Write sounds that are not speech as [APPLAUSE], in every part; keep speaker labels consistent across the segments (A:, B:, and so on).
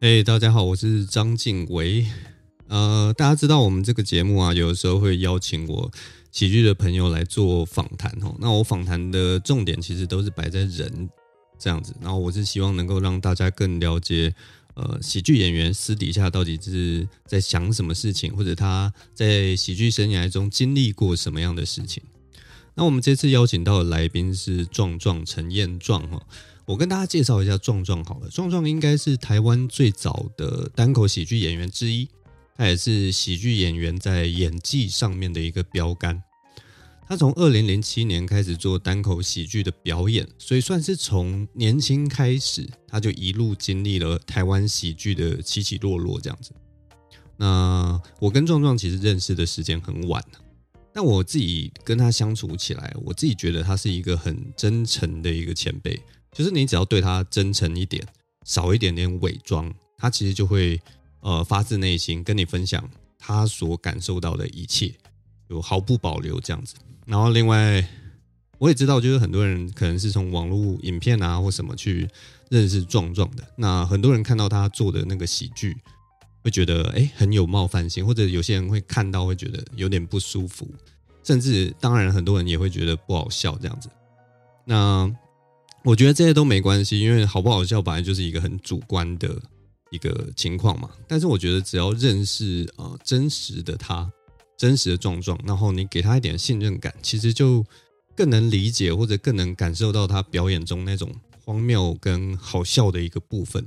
A: 哎，Hey，大家好，我是章晉唯。呃，大家知道我們這個節目啊，有的時候會邀請我喜劇的朋友來做訪談。那我訪談的重點其實都是擺在人這樣子，然後我是希望能夠讓大家更了解，呃，喜劇演員私底下到底是在想什麼事情，或者他在喜劇生涯中經歷過什麼樣的事情。那我們這次邀請到的來賓是壯壯陳彥壯哈。我跟大家介紹一下壯壯好了，壯壯應該是台灣最早的單口喜劇演員之一，他也是喜劇演員在演技上面的一個標杆。他從二零零七年開始做單口喜劇的表演，所以算是從年輕開始，他就一路經歷了台灣喜劇的起起落落這樣子。那我跟壯壯其實認識的時間很晚了，但我自己跟他相處起來，我自己覺得他是一個很真誠的一個前輩。就是你只要對他真誠一點，少一點點偽裝，他其實就會呃發自內心跟你分享他所感受到的一切，就毫不保留這樣子。然後另外，我也知道，就是很多人可能是從網絡影片啊或什麼去認識壯壯的。那很多人看到他做的那個喜劇，會覺得誒很有冒犯性，或者有些人會看到會覺得有點不舒服，甚至當然很多人也會覺得不好笑這樣子。那我覺得這些都沒關係，因為好不好笑本來就是一個很主觀的一個情況嘛。但是我覺得只要認識啊、呃、真實的他，真實的壯壯，然後你給他一點信任感，其實就更能理解或者更能感受到他表演中那種荒謬跟好笑的一個部分。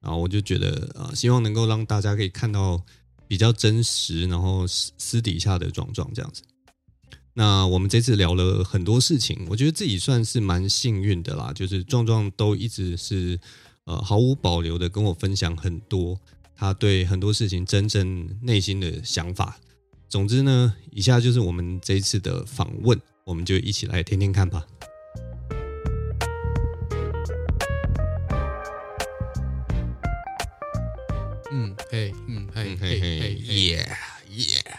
A: 然後我就覺得啊、呃，希望能夠讓大家可以看到比較真實，然後私私底下的壯壯這樣子。那我們這次聊了很多事情，我覺得自己算是蠻幸運的啦，就是壯壯都一直是呃毫無保留的跟我分享很多他對很多事情真正內心的想法。總之呢，以下就是我們這一次的訪問，我們就一起來聽聽看吧。嗯，嘿，嗯，嗯嘿，嘿，嘿，耶、yeah，耶，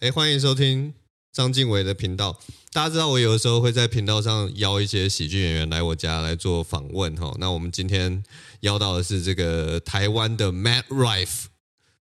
A: 嘿，歡迎收聽。章晉唯的頻道，大家知道我有的時候會在頻道上邀一些喜劇演員來我家來做訪問哈。那我們今天邀到的是這個台灣的 Matt Rife，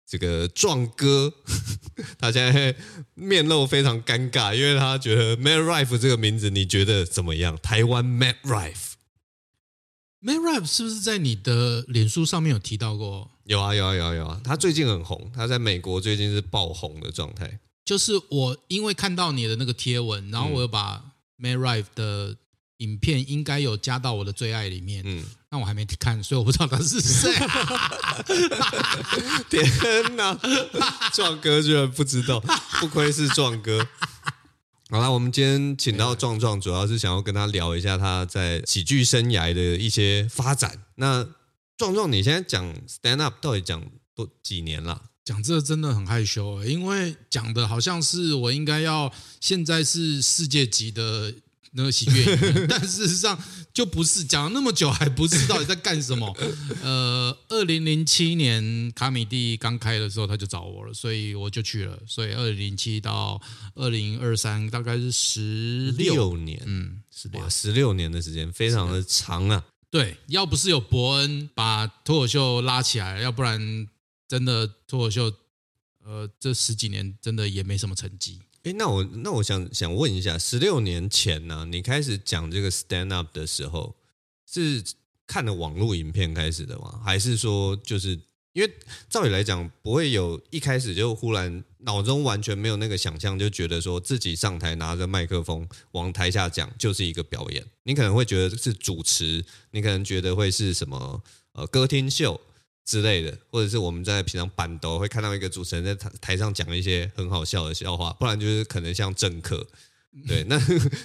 A: 這個壯哥，呵呵，他現在面露非常尷尬，因為他覺得 Matt Rife 這個名字你覺得怎麼樣？台灣 Matt Rife，Matt
B: Rife 是不是在你的臉書上面有提到過？
A: 有啊有啊有啊有啊，他最近很紅，他在美國最近是爆紅的狀態。
B: 就是我，因為看到你的那個貼文，然後我又把 May r i v e 的影片，應該有加到我的最愛裡面。嗯，但我還沒看，所以我不知道他是誰啊。 [LAUGHS] 天哪，
A: 壯哥居然不知道，不愧是壯哥。好了，我們今天請到壯壯，主要是想要跟他聊一下他在喜劇生涯的一些發展。
B: 那壯壯，你現在講 Stand Up 到底講多幾年了？講這真的很害羞，因為講的好像是我應該要現在是世界級的那個喜劇演員，但事實上就不是。講了那麼久還不是到底在幹什麼？呃，二零零七年卡米地剛開的時候，他就找我了，所以我就去了。所以二零零七到二零二三大概是十六年，嗯，十六十六年的時間非常的長啊。對，要不是有博恩把脫口秀拉起來，要不然。真的脫口秀，呃，這十幾年真的也沒什麼成績。誒，那我那我想想問一下，十六
A: 年前呢，啊，你開始講這個 stand up 的時候，是看了網絡影片開始的嗎？還是說，就是因為照理來講，不會有一開始就忽然腦中完全沒有那個想象就覺得說自己上台拿着麥克風往台下講就是一個表演。你可能會覺得是主持，你可能覺得會是什麼呃歌廳秀。之類的，或者是我們在平常板都會看到一個主持人在台台上講一些很好笑的笑話，不然就是可能像政客，對，那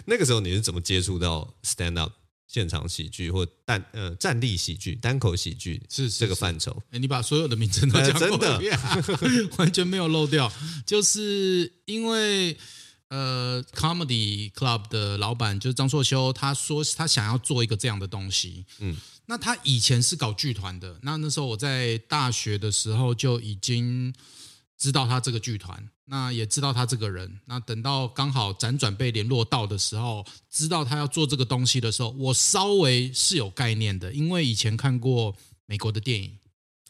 A: 那個時候你是怎麼接觸到 stand up 現場喜劇或單呃站立喜劇單口喜劇是，是，是這個範疇。欸，你把所有的名字都講過一遍，欸
B: yeah. [LAUGHS] 完全沒有漏掉，就是因為。呃，Comedy Club 的老板就是張碩修，他說他想要做一個這樣的東西。嗯，那他以前是搞劇團的。那那時候我在大學的時候就已經知道他這個劇團，那也知道他這個人。那等到剛好輾轉被聯絡到的時候，知道他要做這個東西的時候，我稍微是有概念的，因為以前看過美國的電影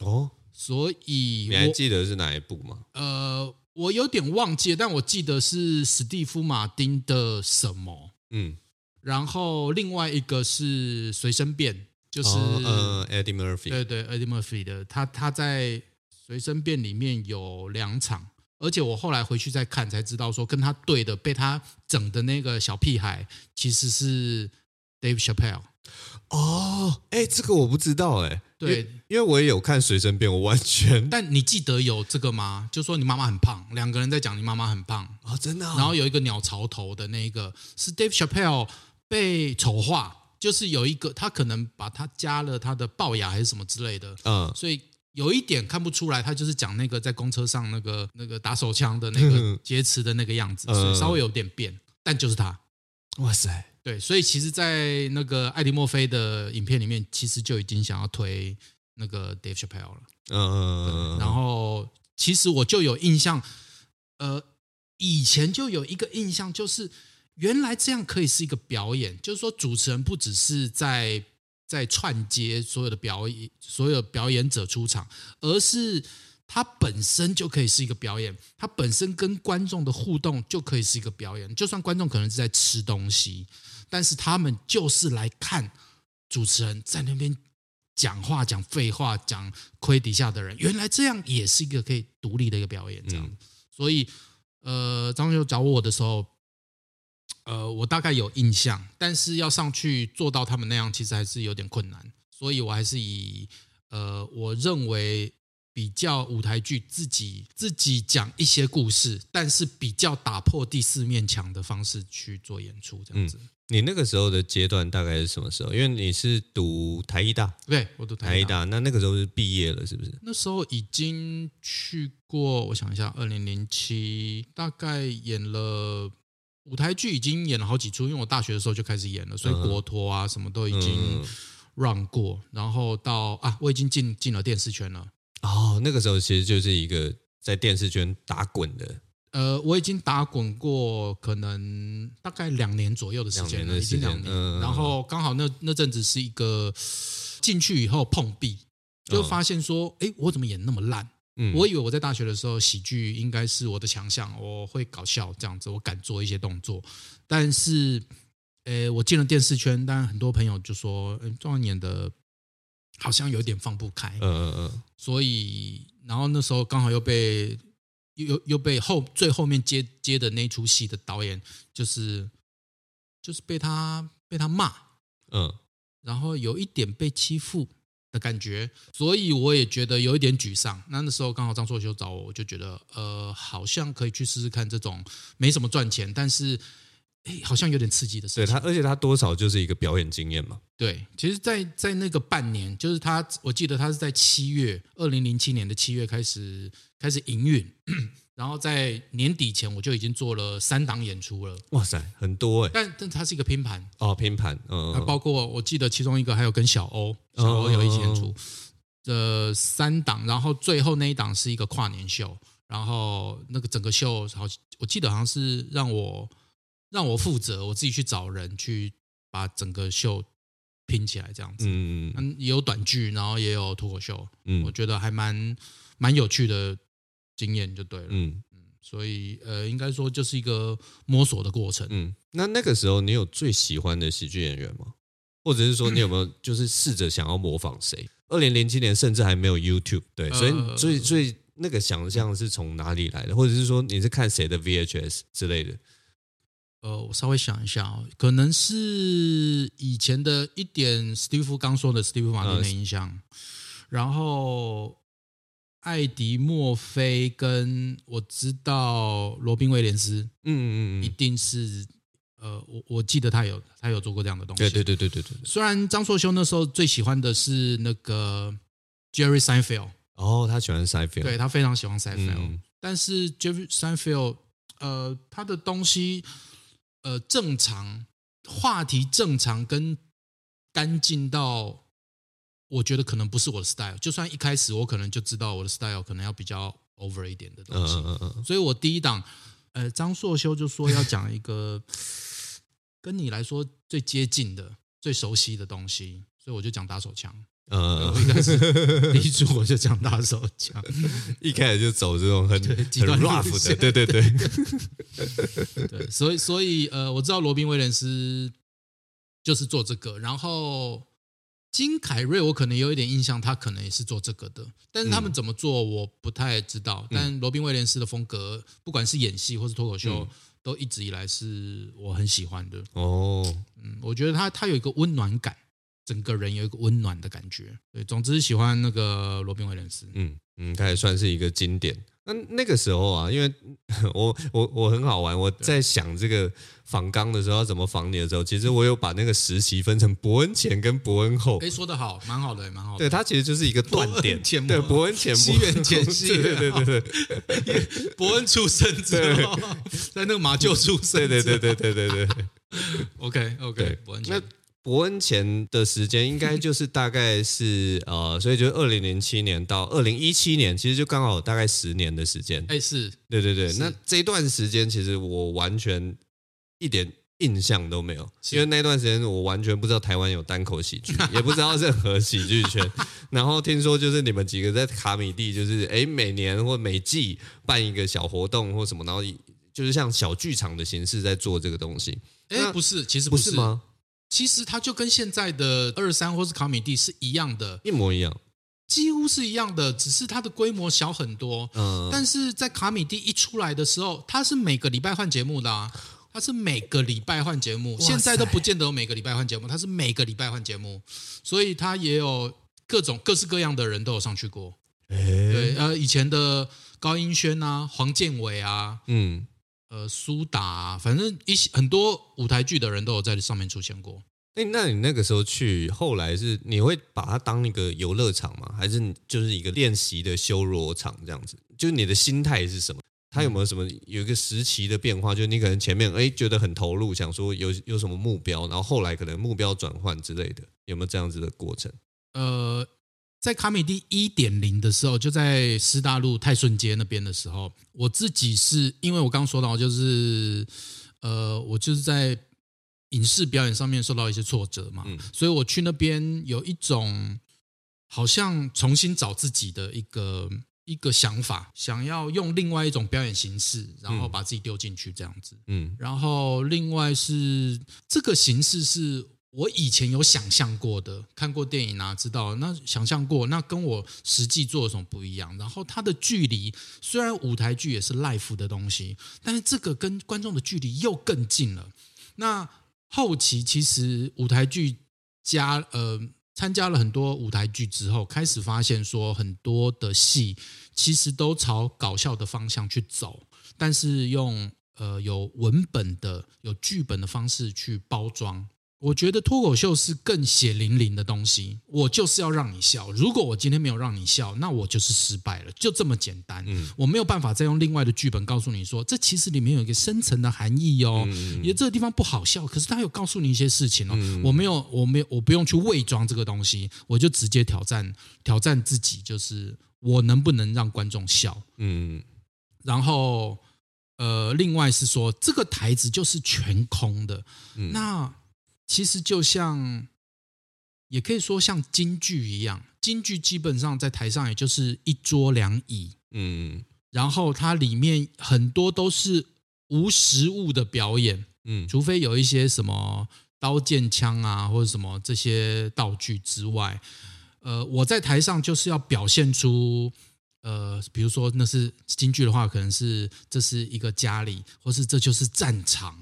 B: 哦，所以你還記得是哪一部嗎？呃。我有點忘記，但我記得是史蒂夫·馬丁的什麼？嗯，然後另外一個是隨身變，就是、哦、呃，Eddie Murphy，對對，Eddie Murphy 的，他他在隨身變裡面有兩場，而且我後來回去再看才知道，說跟他對的被他整的那個小屁孩其實是 Dave Chappelle。
A: 哦，哎，這個我不知
B: 道誒，哎。對，因為我也有看隨身變，我完全。但你記得有這個嗎？就說你媽媽很胖，兩個人在講你媽媽很胖，
A: 哦，真的哦。然後
B: 有一個鳥巢頭的那一個，是 Dave [NOISE] Chappelle 被醜化，就是有一個他可能把他加了他的齙牙還是什麼之類的，嗯，所以有一點看不出來，他就是講那個在公車上那個那個打手槍的那個劫持的那個樣子，嗯，所以稍微有點變，但就是他，哇塞。對，所以其實，在那個艾迪·墨菲的影片裡面，其實就已經想要推那個 Dave Chappelle 了。嗯嗯嗯。然後，其實我就有印象，呃，以前就有一個印象，就是原來這樣可以是一個表演，就是說主持人不只是在在串接所有的表演，所有表演者出場，而是他本身就可以是一個表演，他本身跟觀眾的互動就可以是一個表演，就算觀眾可能是在吃東西。但是他們就是來看主持人在那邊講話、講廢話、講虧底下的人。原來這樣也是一個可以獨立的一個表演，這樣、嗯。所以，呃，張學友找我的時候，呃，我大概有印象，但是要上去做到他們那樣，其實還是有點困難。所以我還是以呃，我認為比較舞台劇自己自己講一些故事，但是比較打破第四面牆的方式去做演出，這樣子。
A: 嗯你那個時候的階段大概是什麼時候？因為你是讀台藝大，對，我讀台藝大，台藝大，那那個時候是畢業了，是不是？
B: 那時候已經去過，我想一下，二零零七大概演了舞台劇，已經演了好幾出。因為我大學的時候就開始演了，所以國托啊什麼都已經讓過、嗯。然後到啊，我已經進進了電視圈
A: 了。哦，那個時候其實就是一個在電視圈
B: 打滾的。呃，我已經打滾過，可能大概兩年左右的時間了，間已經兩年、嗯。然後剛好那那陣子是一個進去以後碰壁，嗯、就發現說，哎，我怎麼演那麼爛、嗯？我以為我在大學的時候喜劇應該是我的強項，我會搞笑這樣子，我敢做一些動作。但是，呃，我進了電視圈，但很多朋友就說，嗯，壯演的好像有點放不開。嗯嗯嗯。所以，然後那時候剛好又被。又又被後最後面接接的那出戲的導演，就是就是被他被他罵，嗯，然後有一點被欺負的感覺，所以我也覺得有一點沮喪。那那時候剛好張碩修找我，我就覺得呃，好像可以去試試看這種，沒什麼賺錢，但是。誒，好像有點刺激的事情。對他，而
A: 且他多少就是一個表演經驗嘛。對，
B: 其實在，在在那個半年，就是他，我記得他是在七月二零零七年的七月開始開始營運，然後在年底前我就已經做了三檔演出了。哇塞，很多哎！但但它是一個拼盤哦，拼盤，嗯，他包括我記得其中一個還有跟小歐，小歐有一起演出，呃、嗯，這三檔，然後最後那一檔是一個跨年秀，然後那個整個秀好我記得好像是讓我。讓我負責，我自己去找人去把整個秀拼起來，這樣子。嗯嗯，也有短劇，然後也有脫口秀。嗯，我覺得還蠻蠻有趣的經驗，就對了。嗯，所以呃，應該說就是一個摸索的過程。嗯，
A: 那那個時候你有最喜歡的喜劇演員嗎？或者是說你有沒有就是試着想要模仿誰？二零零七年甚至還沒有 YouTube，對，呃，所以所以所以那個想象是從哪裡
B: 來的？或者是說你是看誰的 VHS 之類的？呃，我稍微想一下哦，可能是以前的一點，史蒂夫剛說的史蒂夫馬丁的影響，呃，然後艾迪莫菲跟我知道羅賓威廉斯，嗯嗯嗯，一定是呃，我我記得他有他有做過這樣的東西，對對對對對對對。雖然張碩修那時候最喜歡的是那個 Jerry Seinfeld，哦，他喜歡 Seinfeld，對，他非常喜歡 Seinfeld，嗯，但是 Jerry Seinfeld，呃，他的東西。呃，正常話題正常跟乾淨到，我覺得可能不是我的 style。就算一開始我可能就知道我的 style 可能要比較 over 一點的東西，uh, uh, uh, uh, 所以我第一檔，呃，張碩修就說要講一個跟你來說最接近的、 [LAUGHS] 最熟悉的東西，所以我就講打手槍。呃、uh, [LAUGHS] 一開始一出國就講大手槍，
A: [LAUGHS] 一開始就走這種很對很 rough 的，對對對， [LAUGHS] 對，
B: 所以所以呃，我知道羅賓威廉斯就是做這個，然後金凱瑞我可能有一點印象，他可能也是做這個的，但是他們怎麼做我不太知道。嗯、但羅賓威廉斯的風格，不管是演戲或是脫口秀，嗯、都一直以來是我很喜歡的。哦，嗯，我覺得他他有一個溫暖感。整個人有一個溫暖的感覺，
A: 對，總之喜歡那個羅賓威廉斯，嗯嗯，他也算是一個經典。那那個時候啊，因為我我我很好玩，我在想這個訪綱的時候要怎麼訪你的時候，其實我有把那個時期分成博恩前跟博恩後。哎、
B: 欸，說得好，蠻好，欸、好的，蠻好。對他其實就是一個斷點，對博恩前，恩前，西元前，對對對對， [LAUGHS] 博恩出生之後，在那個馬廄出生，對對對對對對對 [LAUGHS] ，OK OK，博恩前
A: 那。博恩前的時間應該就是大概是呃，所以就是二零零七年到二零一七年，其實就剛好大概十年的時間。哎，是對對對。那這段時間其實我完全一點印象都沒有，因為那段時間我完全不知道台灣有單口喜劇，也不知道任何喜劇圈。 [LAUGHS] 然後聽說就是你們幾個在卡米地，就是哎每年或每季辦一個小活動或什麼，然後就是像小劇場的形式在做這個東西。
B: 哎，不是，其實不是，不是嗎？其實它就跟現在的二三或是卡米蒂是一樣的，一模一樣，幾乎是一樣的，只是它的規模小很多。嗯，但是在卡米蒂一出來的時候，它是每個禮拜換節目的、啊，它是每個禮拜換節目。現在都不見得有每個禮拜換節目，它是每個禮拜換節目，所以它也有各種各式各樣的人都有上去過。哎，對、啊，以前的高英軒啊，黃健瑋啊，嗯。呃，蘇打，反正一些很多舞台劇的人都有在這上面出現過。哎，那你那個時候去，後來是你會把它當一個
A: 遊樂場嗎？還是就是一個練習的修羅場這樣子？就是你的心態是什麼？它有沒有什麼有一個時期的變化？就是你可能前面哎覺得很投入，想說有有什麼目標，然後後來可能目標轉換之類的，有沒有這樣子的過程？
B: 呃。在卡米地1.0的時候，就在師大路泰順街那邊的時候，我自己是因為我剛剛說到，就是，呃，我就是在影視表演上面受到一些挫折嘛，嗯、所以我去那邊有一種好像重新找自己的一個一個想法，想要用另外一種表演形式，然後把自己丟進去這樣子，嗯，嗯然後另外是這個形式是，我以前有想象過的，看過電影啊，知道了，那想象過那跟我實際做什麼不一樣？然後它的距離，雖然舞台劇也是 live 的東西，但是這個跟觀眾的距離又更近了。那後期其實舞台劇加，呃，參加了很多舞台劇之後，開始發現說很多的戲其實都朝搞笑的方向去走，但是用呃，有文本的、有劇本的方式去包裝。我覺得脫口秀是更血淋淋的東西。我就是要讓你笑。如果我今天沒有讓你笑，那我就是失敗了，就這麼簡單。嗯，我沒有辦法再用另外的劇本告訴你說，這其實裡面有一個深層的含義哦。嗯、也這個地方不好笑，可是它有告訴你一些事情哦、嗯。我沒有，我沒有，我不用去偽裝這個東西，我就直接挑戰挑戰自己，就是我能不能讓觀眾笑。嗯，然後呃，另外是說這個台子就是全空的。嗯、那。其實就像，也可以說像京劇一樣，京劇基本上在台上也就是一桌兩椅，嗯，然後它裡面很多都是無實物的表演，嗯，除非有一些什麼刀劍槍啊，或者什麼這些道具之外，呃，我在台上就是要表現出，呃，比如說那是京劇的話，可能是這是一個家裡，或是這就是戰場。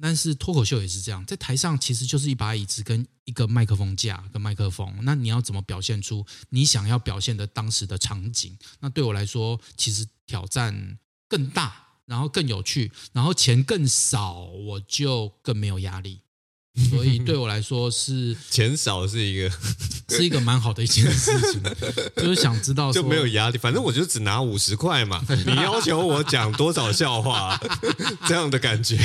B: 但是脫口秀也是這樣，在台上其實就是一把椅子跟一個麥克風架跟麥克風，那你要怎麼表現出你想要表現的當時的場景，那對我來說，其實挑戰更大，然後更有趣，然後錢更少，我就更沒有壓力。所以對我來說是錢少是一個，是一個蠻好
A: 的一件事情，就是想知道就沒有壓力。反正我就只拿五十塊嘛，你要求我講多少笑話這樣的感覺。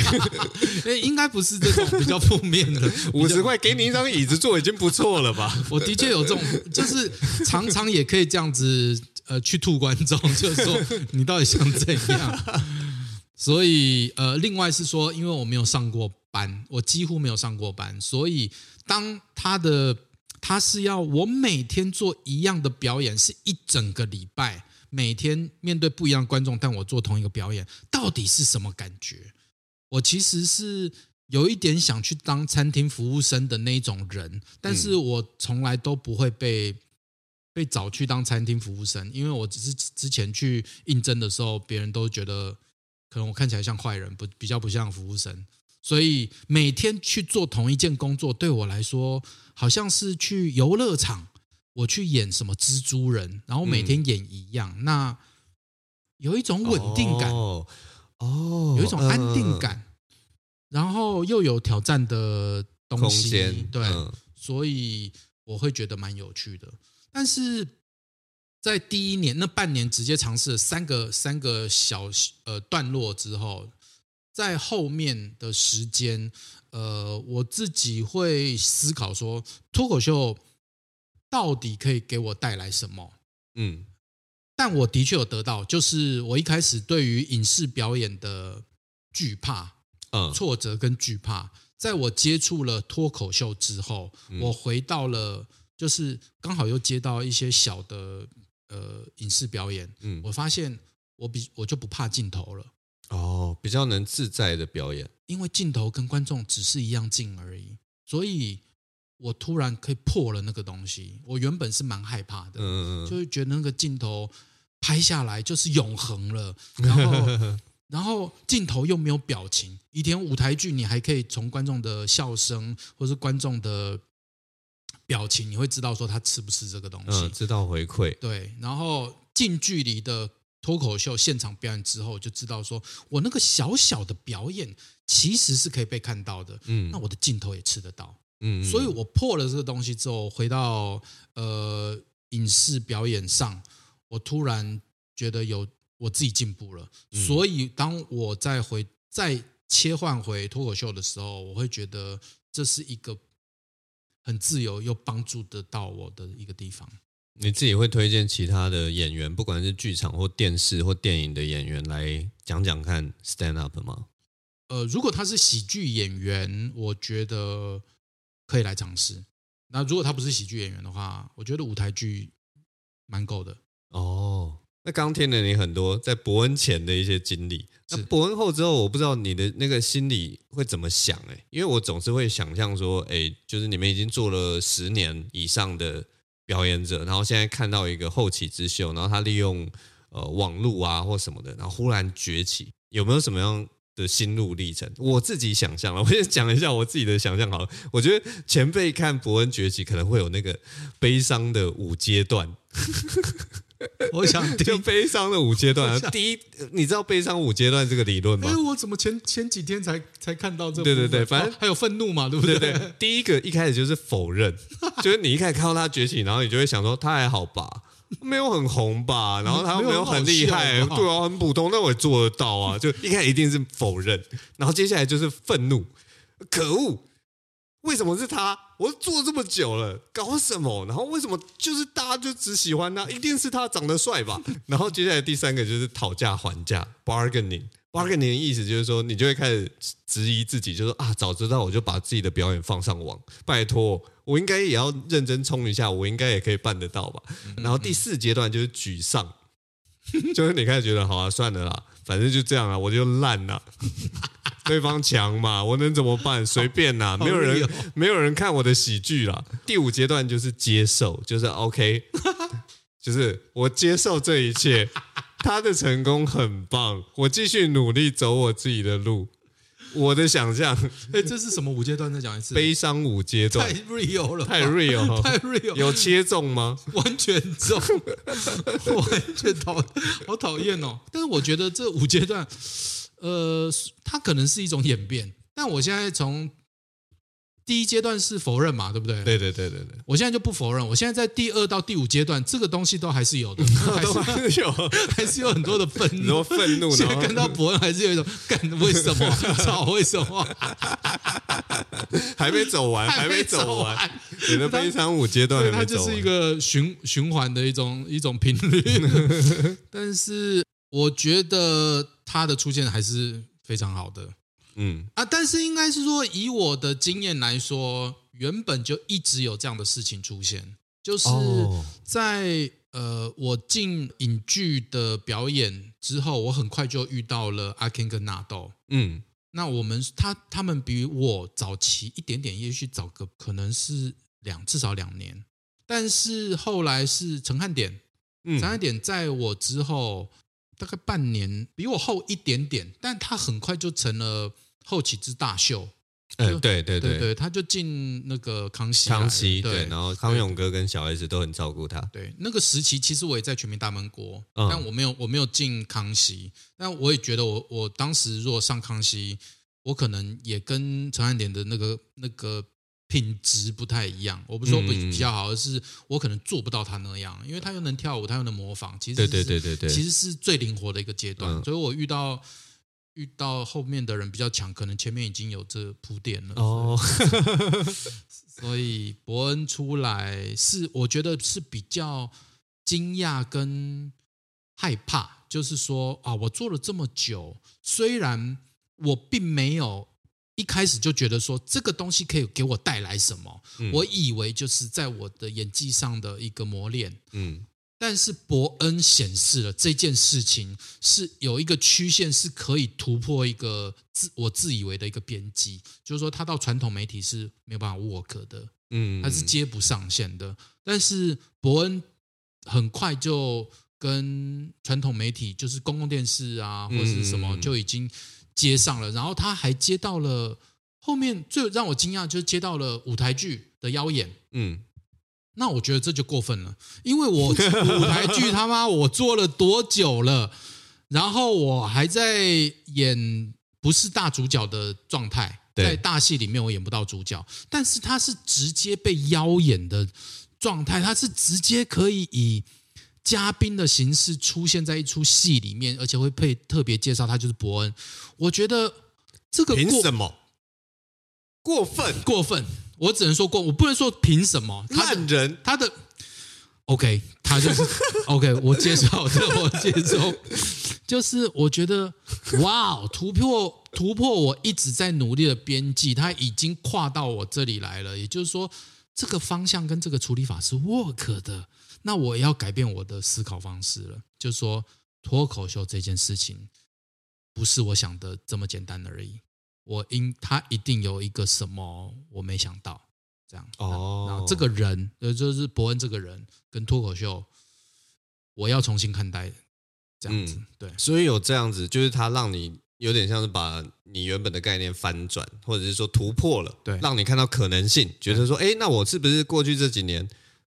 B: 哎，應該不是這種比較負面的。五十塊
A: 給你一張椅子坐已經不錯了吧？
B: 我的確有這種，就是常常也可以這樣子呃去吐觀眾，就是說你到底想怎樣。所以呃，另外是說，因為我沒有上過。班，我幾乎沒有上過班，所以當他的他是要我每天做一樣的表演，是一整個禮拜每天面對不一樣的觀眾，但我做同一個表演，到底是什麼感覺？我其實是有一點想去當餐廳服務生的那一種人，但是我從來都不會被被找去當餐廳服務生，因為我只是之前去應徵的時候，別人都覺得可能我看起來像壞人，不，比較不像服務生。所以每天去做同一件工作，對我來說好像是去遊樂場，我去演什麼蜘蛛人，然後每天演一樣，嗯、那有一種穩定感，哦，哦有一種安定感、呃，然後又有挑戰的東西，對、嗯，所以我會覺得蠻有趣的。但是在第一年那半年，直接嘗試了三個三個小呃段落之後。在後面的時間，呃，我自己會思考說，脫口秀到底可以給我帶來什麼？嗯，但我的確有得到，就是我一開始對於影視表演的懼怕、嗯，挫折跟懼怕，在我接觸了脫口秀之後，我回到了，就是剛好又接到一些小的呃，影視表演，嗯，我發現我比我就不怕鏡頭了。哦，比較
A: 能自在的表演，
B: 因為鏡頭跟觀眾只是一樣近而已，所以我突然可以破了那個東西。我原本是蠻害怕的，嗯，就是覺得那個鏡頭拍下來就是永恆了。然後， [LAUGHS] 然後鏡頭又沒有表情。以前舞台劇你還可以從觀眾的笑聲或是觀眾的表情，你會知道說他吃不吃這個東西。嗯，知
A: 道回饋。
B: 對，然後近距離的。脫口秀現場表演之後，就知道說我那個小小的表演其實是可以被看到的。嗯，那我的鏡頭也吃得到。嗯，嗯所以我破了這個東西之後，回到呃影視表演上，我突然覺得有我自己進步了。嗯，所以當我再回再切換回脫口秀的時候，我會覺得這是一個很自由又幫助得到我的一個地方。
A: 你自己會推薦其他的演員，不管是劇場或電視或電影的演員來講講看 stand up 嗎？
B: 呃，如果他是喜劇演員，我覺得可以來嘗試。那如果他不是喜劇演員的話，我覺得舞台劇蠻夠的。哦，
A: 那剛聽了你很多在博恩前的一些經歷，那博恩後之後，我不知道你的那個心裡會怎麼想哎，因為我總是會想象說，哎，就是你們已經做了十年以上的。表演者，然後現在看到一個後起之秀，然後他利用呃網絡啊或什麼的，然後忽然崛起，有沒有什麼樣的心路歷程？我自己想象了，我先講一下我自己的想象好了，我覺得前輩看伯恩崛起可能會有那個悲傷的五階段。 [LAUGHS] 我想聽悲傷的五階段。啊，第一，你知道悲傷五階段這個理論嗎？哎，
B: 我怎麼前前幾天才才看到這個？對對對，反正，哦，還有憤怒嘛，
A: 對不對？對，對，對，第一個一開始就是否認， [LAUGHS] 就是你一開始看到他崛起，然後你就會想說，他還好吧？沒有很紅吧？然後他沒有很厲害，對啊，很普通，那我也做得到啊！就一開始一定是否認，然後接下來就是憤怒，可惡。為什麼是他？我做這麼久了，搞什麼？然後為什麼就是大家就只喜歡他？一定是他長得帥吧？然後接下來第三個就是討價還價 （bargaining）。bargaining 的意思就是說，你就會開始質疑自己，就是說啊，早知道我就把自己的表演放上網。拜托，我應該也要認真衝一下，我應該也可以辦得到吧？然後第四階段就是沮喪，就是你開始覺得，好啊，算了啦，反正就這樣了，我就爛了。 [LAUGHS] 對方強嘛，我能怎麼辦？隨便啦，沒有人，沒有人看我的喜劇啦。第五階段就是接受，就是 OK， [LAUGHS] 就是我接受這一切。他的成功很棒，我繼續努力走我自己的路。我的想象，哎、
B: 欸，這是什麼五階段？再講一
A: 次，悲傷五階段。太
B: real 了，太 real，太 real，有
A: 切中嗎？
B: 完全中， [LAUGHS] 完全討好，好討厭哦。但是我覺得這五階段。呃，它可能是一種演變，但我現在從第一階段是否認嘛，對不對？對對對對對，我現在就不否認，我現在在第二到第五階段，這個東西都還是有的，還是，還是有，還是有很多的憤怒。很多憤怒，現在看到博恩還是有一種，幹，為什麼？知道為什麼？還
A: 沒走完，還沒走完，走完你的悲傷五階段還沒走完，它就是一
B: 個循循環的一種一種頻率， [LAUGHS] 但是。我覺得他的出現還是非常好的，嗯啊，但是應該是說，以我的經驗來說，原本就一直有這樣的事情出現，就是在、哦、呃，我進影劇的表演之後，我很快就遇到了阿 Ken 跟納豆，嗯，那我們他他們比我早期一點點，也許早個可能是兩至少兩年，但是後來是陳漢典，陳、嗯、漢典在我之後。大概半年比我後一點點，但他很快就成了後起之大秀。哎、呃，對對對，對對，他就進那個康熙，康熙對，對，對，然後康永
A: 哥跟小 S 都很照顧他。對，
B: 那個時期其實我也在全民大悶鍋、嗯，但我沒有，我沒有進康熙，但我也覺得我我當時如果上康熙，我可能也跟陳漢典的那個那個。品質不太一樣，我不是說比比較好，嗯、而是我可能做不到他那樣，因為他又能跳舞，他又能模仿，其實是，對對對對對對，其實是最靈活的一個階段。嗯、所以我遇到遇到後面的人比較強，可能前面已經有這鋪墊了。哦， [LAUGHS] 所以伯恩出來是我覺得是比較驚訝跟害怕，就是說啊，我做了這麼久，雖然我並沒有。一開始就覺得說這個東西可以給我帶來什麼？我以為就是在我的演技上的一個磨練。嗯，但是博恩顯示了這件事情是有一個曲線是可以突破一個自我自以為的一個邊際，就是說他到傳統媒體是沒有辦法 work 的，嗯，他是接不上線的。但是博恩很快就跟傳統媒體，就是公共電視啊，或者是什麼，就已經。接上了，然後他還接到了後面最讓我驚訝，就是接到了舞台劇的邀演。嗯，那我覺得這就過分了，因為我 [LAUGHS] 舞台劇他媽我做了多久了？然後我還在演不是大主角的狀態，在大戲裡面我演不到主角，但是他是直接被邀演的狀態，他是直接可以以。嘉賓的形式出現在一出戲裡面，而且會配特別介紹，他就是伯恩。我覺得這個憑什麼，過分過分，我只能說過，我不能說憑什麼爛人他，他的 OK，他就是 OK 我。我介紹，我介紹，就是我覺得哇、wow，突破突破，我一直在努力的邊際，他已經跨到我這裡來了。也就是說，這個方向跟這個處理法是 work 的。那我要改變我的思考方式了，就是說脫口秀這件事情不是我想的這麼簡單而已，我應他一定有一個什麼我沒想到這樣哦，然後這個人就是博恩這個人跟脫口秀，我要重新看待這樣子、嗯、對，所以有這樣
A: 子就是他讓你有點像是把你原本的概念翻轉，或者是說突破了，對，讓你看到可能性，覺得說哎、欸，那我是不是過去這幾年？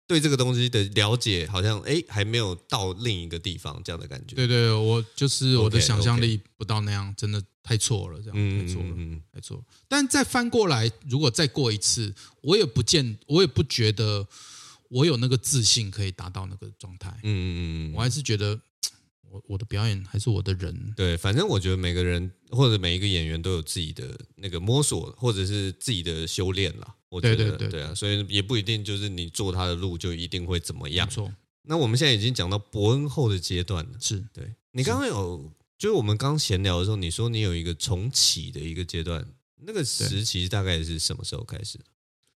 A: 對這個東西的了解，好像誒，還沒有到另一個地方這樣的感
B: 覺。對對，我就是我的想象力不到那樣，okay, okay. 真的太錯了，這樣太錯了，嗯嗯，太錯了。但再翻過來，如果再過一次，我也不見，我也不覺得我有那個自信可以達到那個狀態。嗯嗯嗯，我還是覺得。我我的表演還是我的人，
A: 對，反正我覺得每個人或者每一個演員都有自己的那個摸索，或者是自己的修煉啦。我覺得對，對，對，對，對啊，所以也不一定就是你做他的路就一定會怎麼樣。沒錯。那我們現在已經講到伯恩後的階段了，是對。你剛剛有是就是我們剛閒聊的時候，你說你有一個重啟的一個階段，那個時期大概是什麼時候開始？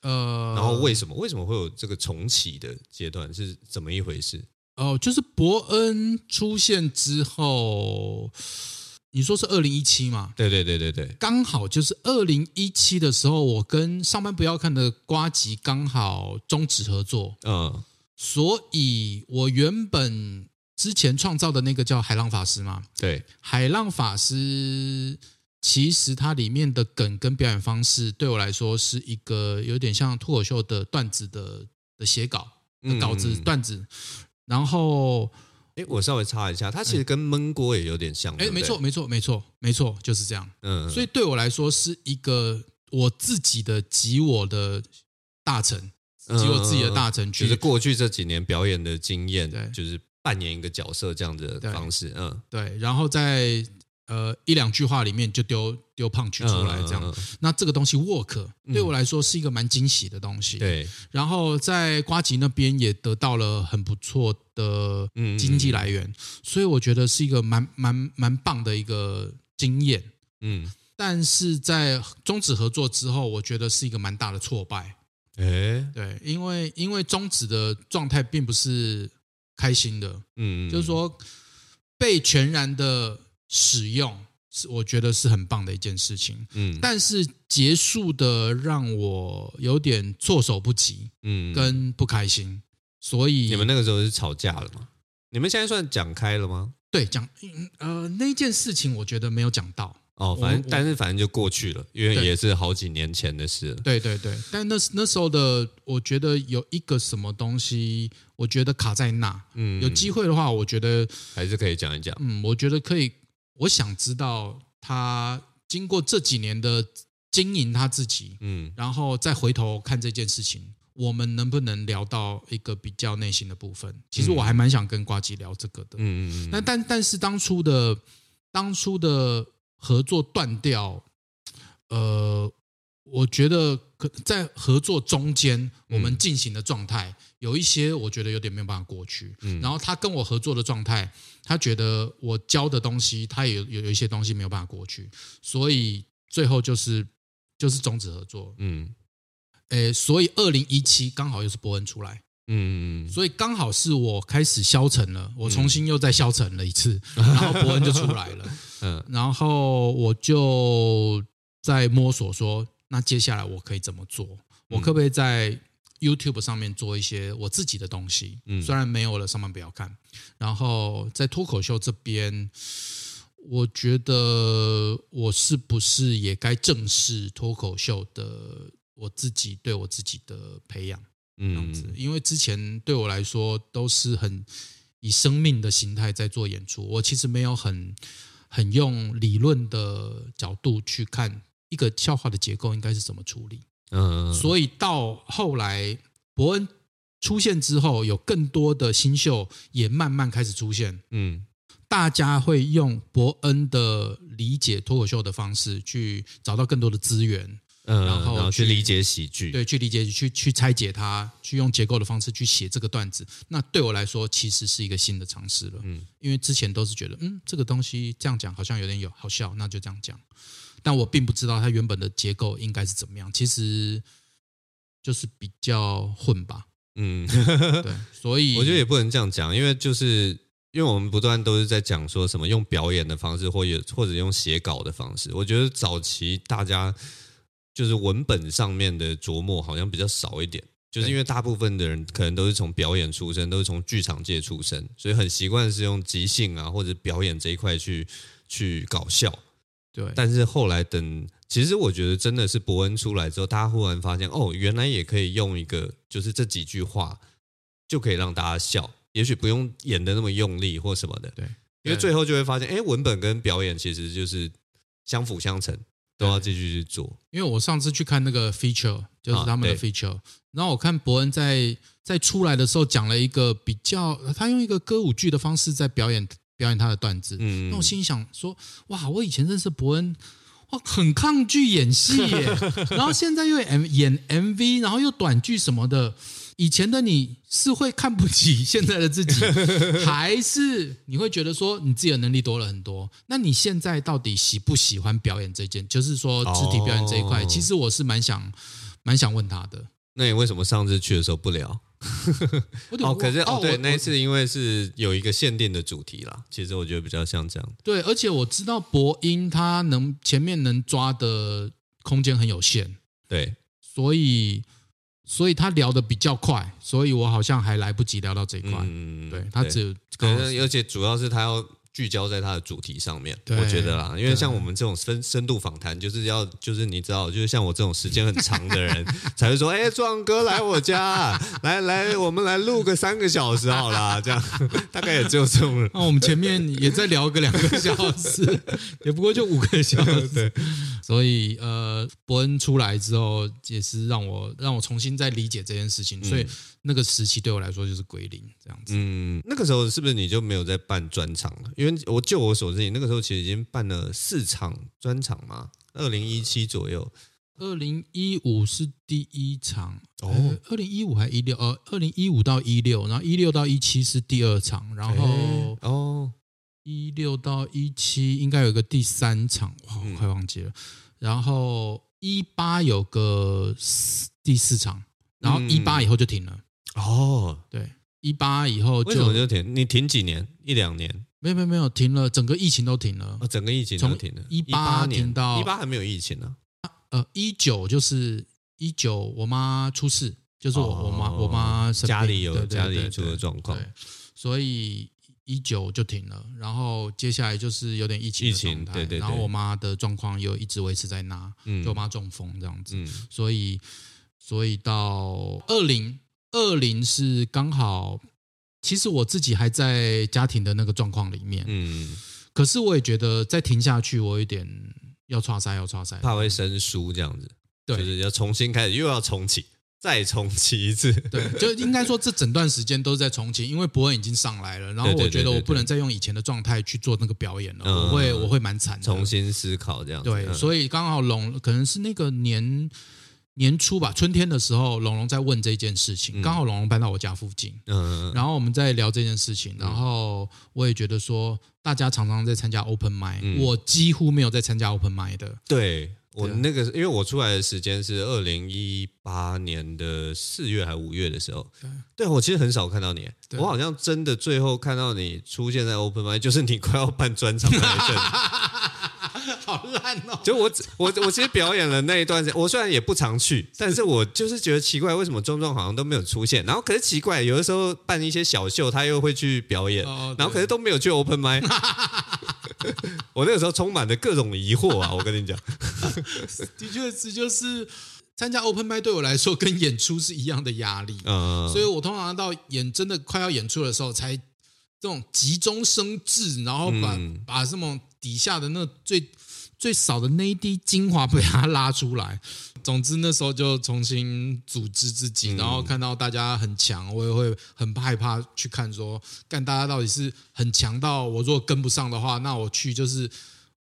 A: 呃，然後為什麼為什麼會有這個重啟的階段？是怎麼一回事？
B: 哦，就是博恩出現之後，你說是二零一七嘛？
A: 對對對對對，
B: 剛好就是二零一七的時候，我跟上班不要看的呱吉剛好終止合作。嗯、哦，所以我原本之前創造的那個叫海浪法師嘛，對，海浪法師其實它裡面的梗跟表演方式，對我來說是一個有點像脫口秀的段子的的寫稿的稿子、嗯、段子。然後，哎，我稍微插一下，它其實跟悶鍋也有點像。哎，沒錯，沒錯，沒錯，沒錯，就是這樣。嗯，所以對我來說是一個我自己的集我的大成、嗯、集我自己的大成，就是過去這幾年表
A: 演的經驗，就是扮演一個角色這樣的方式。嗯，
B: 對，然後在。呃，一兩句話裡面就丢丟 punch 出來這樣、啊啊啊，那這個東西 work 對我來說是一個蠻驚喜的東西。對、嗯，然後在瓜吉那邊也得到了很不錯的經濟來源，嗯嗯、所以我覺得是一個蠻蠻蠻,蠻棒的一個經驗。嗯，但是在終止合作之後，我覺得是一個蠻大的挫敗。哎、嗯，對，因為因為終止的狀態並不是開心的。嗯，就是說被全然的。使用是我覺得是很棒的一件事情，嗯，但是結束的讓我有點措手不及，嗯，跟不開心，所以你們那個時候是吵架了嗎？你們現在算講開了嗎？對，講，呃，那件事情我覺得沒有講到
A: 哦，反正但是反正就過去了，因為也是好幾年前的事了，對對對，
B: 但那那時候的我覺得有一個什麼東西，我覺得卡在那，嗯，有機會的話，我覺得還是可以講一講，嗯，我覺得可以。我想知道他經過這幾年的經營他自己，嗯，然後再回頭看這件事情，我們能不能聊到一個比較內心的部分？其實我還蠻想跟呱吉聊這個的，嗯嗯嗯。但但是當初的當初的合作斷掉，呃。我覺得在合作中間，我們進行的狀態有一些，我覺得有點沒有辦法過去。嗯。然後他跟我合作的狀態，他覺得我教的東西，他也有有有一些東西沒有辦法過去，所以最後就是就是終止合作。嗯。誒，所以二零一七剛好又是伯恩出來。嗯嗯。所以剛好是我開始消沉了，我重新又再消沉了一次，然後伯恩就出來了。嗯。然後我就在摸索說。那接下來我可以怎麼做？我可不可以在 YouTube 上面做一些我自己的東西？嗯，雖然沒有了，上班不要看。然後在脫口秀這邊，我覺得我是不是也該正視脫口秀的我自己對我自己的培養？嗯，這樣子。因為之前對我來說都是很以生命的形態在做演出，我其實沒有很很用理論的角度去看，一個笑話的結構應該是怎麼處理？嗯，所以到後來博恩出現之後，有更多的新秀也慢慢開始出現。嗯，大家會用博恩的理解脫口秀的方式去找到更多的資源，嗯，然後去，去理解喜劇，對，去理解去去拆解它，去用結構的方式去寫這個段子。那對我來說，其實是一個新的嘗試了。嗯，因為之前都是覺得，嗯，這個東西這樣講好像有點有好笑，那就這樣講。但我並不知道它原本的結構應該是怎麼樣，其實就是比較混吧。嗯， [LAUGHS] 對，所以
A: 我覺得也不能這樣講，因為就是因為我們不斷都是在講說什麼用表演的方式，或也或者用寫稿的方式。我覺得早期大家就是文本上面的琢磨好像比較少一點，就是因為大部分的人可能都是從表演出身，都是從劇場界出身，所以很習慣是用即興啊或者表演這一塊去去搞笑。對，但是後來等，其實我覺得真的是博恩出來之後，大家忽然發現，哦，原來也可以用一個，就是這幾句話就可以讓大家笑，也許不用演得那麼用力或什麼的。對，對，因為最後就會發現，哎，文本跟表演其實就是相輔相成，都要繼續去做。
B: 因為我上次去看那個 feature，就是他們的 feature，啊，然後我看博恩在在出來的時候講了一個比較，他用一個歌舞劇的方式在表演。表演他的段子，嗯、那我心裡想說：哇，我以前認識博恩，我很抗拒演戲耶。 [LAUGHS] 然後現在又演 MV，然後又短劇什麼的。以前的你是會看不起現在的自己，還是你會覺得說你自己的能力多了很多？那你現在到底喜不喜歡表演這件？就是說肢體表演這一塊，哦、其實我是蠻想蠻想問他的。
A: 那你為什麼上次去的時候不聊？
B: [LAUGHS] 哦，可是我哦，對，我我我那一
A: 次因為是有一個限定的主題啦。其實我覺得比較像這樣。
B: 對，而且我知道博英他能前面能抓的空間很有限，對，所以所以他聊得比較快，所以我好像還來不及聊到這一塊。嗯，
A: 對他只可是，而且主要是他要，聚焦在他的主題上面，我覺得啦，因為像我們這種深深度訪談，就是要就是你知道，就是像我這種時間很長的人， [LAUGHS] 才會說，哎，壯哥來我家，來來，我們來錄個三個小
B: 時好了，這樣大概也只有這種。那、啊、我們前面也再聊個兩個小時， [LAUGHS] 也不過就五個小時。 [LAUGHS] 對，所以呃，伯恩出來之後，也是讓我讓我重新再理解這件事情，嗯，所以那個時期對我來說就是歸零
A: 這樣子。嗯，那個時候是不是你就沒有在辦專場了？因為我就我所知，你那個時候其實已經
B: 辦了四場專場嘛，二零一七左右，二零一五是第一場哦，二零一五還是一六？呃，二零一五到一六，然後一六到一七是第二場，然後哦，一六到一七應該有個第三場，我、oh, 嗯、快忘記了，然後一八有個四第四場，然後一八以後就停了哦、oh.，對，一八以後就,就
A: 停？你停幾年？一兩年？
B: 沒，沒，沒有沒有沒有停了，整個疫情都停了，哦、整
A: 個疫情都停了，一八停到一八還沒有疫情呢、啊
B: 啊，呃，一九就是一九我媽出事，就是我媽、哦、我媽我媽家裡有對家裡有出狀況，對對，所以一九就停了，然後接下來就是有點疫情疫情，對，對，對，對然後我媽的狀況又一直維持在那，嗯、就我媽中風這樣子，嗯、所以所以到二零二零是剛好。其實我自己還在家庭的那個狀況裡面，嗯，可是我也覺得再停下去，我有點要剉賽，要剉賽，
A: 怕會生疏這樣子，對，就是要重新開始，又要重啟，再重啟一次，對，就
B: 應該說這整段時間都是在重啟，因為伯恩已經上來了，然後我覺得我不能再用以前的狀態去做那個表演了，對對對對對，我會我會蠻慘的，重新思考這樣子，對，所以剛好龍可能是那個年。年初吧，春天的時候，龍龍在問這件事情，嗯、剛好龍龍搬到我家附近，嗯，然後我們在聊這件事情，嗯、然後我也覺得說，大家常常在參加 Open Mind，嗯、我幾乎沒有在參加 Open Mind 的。
A: 對我那個，因為我出來的時間是二零一八年的四月還是五月的時候，對，對，我其實很少看到你。對，我好像真的最後看到你出現在 Open Mind，就是你快要辦專場那一陣 [LAUGHS] 好爛哦！就我我我其實表演了那一段時間，我雖然也不常去，但是我就是覺得奇怪，為什麼壯壯好像都沒有出現？然後可是奇怪，有的時候辦一些小秀，他又會去表演，哦、然後可是都沒有去 open 麥。 [LAUGHS] 我那個時候充滿了各種疑惑啊！我跟你講，
B: 啊、的確是就是參加 open 麥對我來說跟演出是一樣的壓力，嗯，所以我通常到演真的快要演出的時候，才這種急中生智，然後把、嗯、把這種底下的那最。最少的那一滴精華被他拉出來。總之那時候就重新組織自己，然後看到大家很強，我也會很害怕去看，說看大家到底是很強到我如果跟不上的話，那我去就是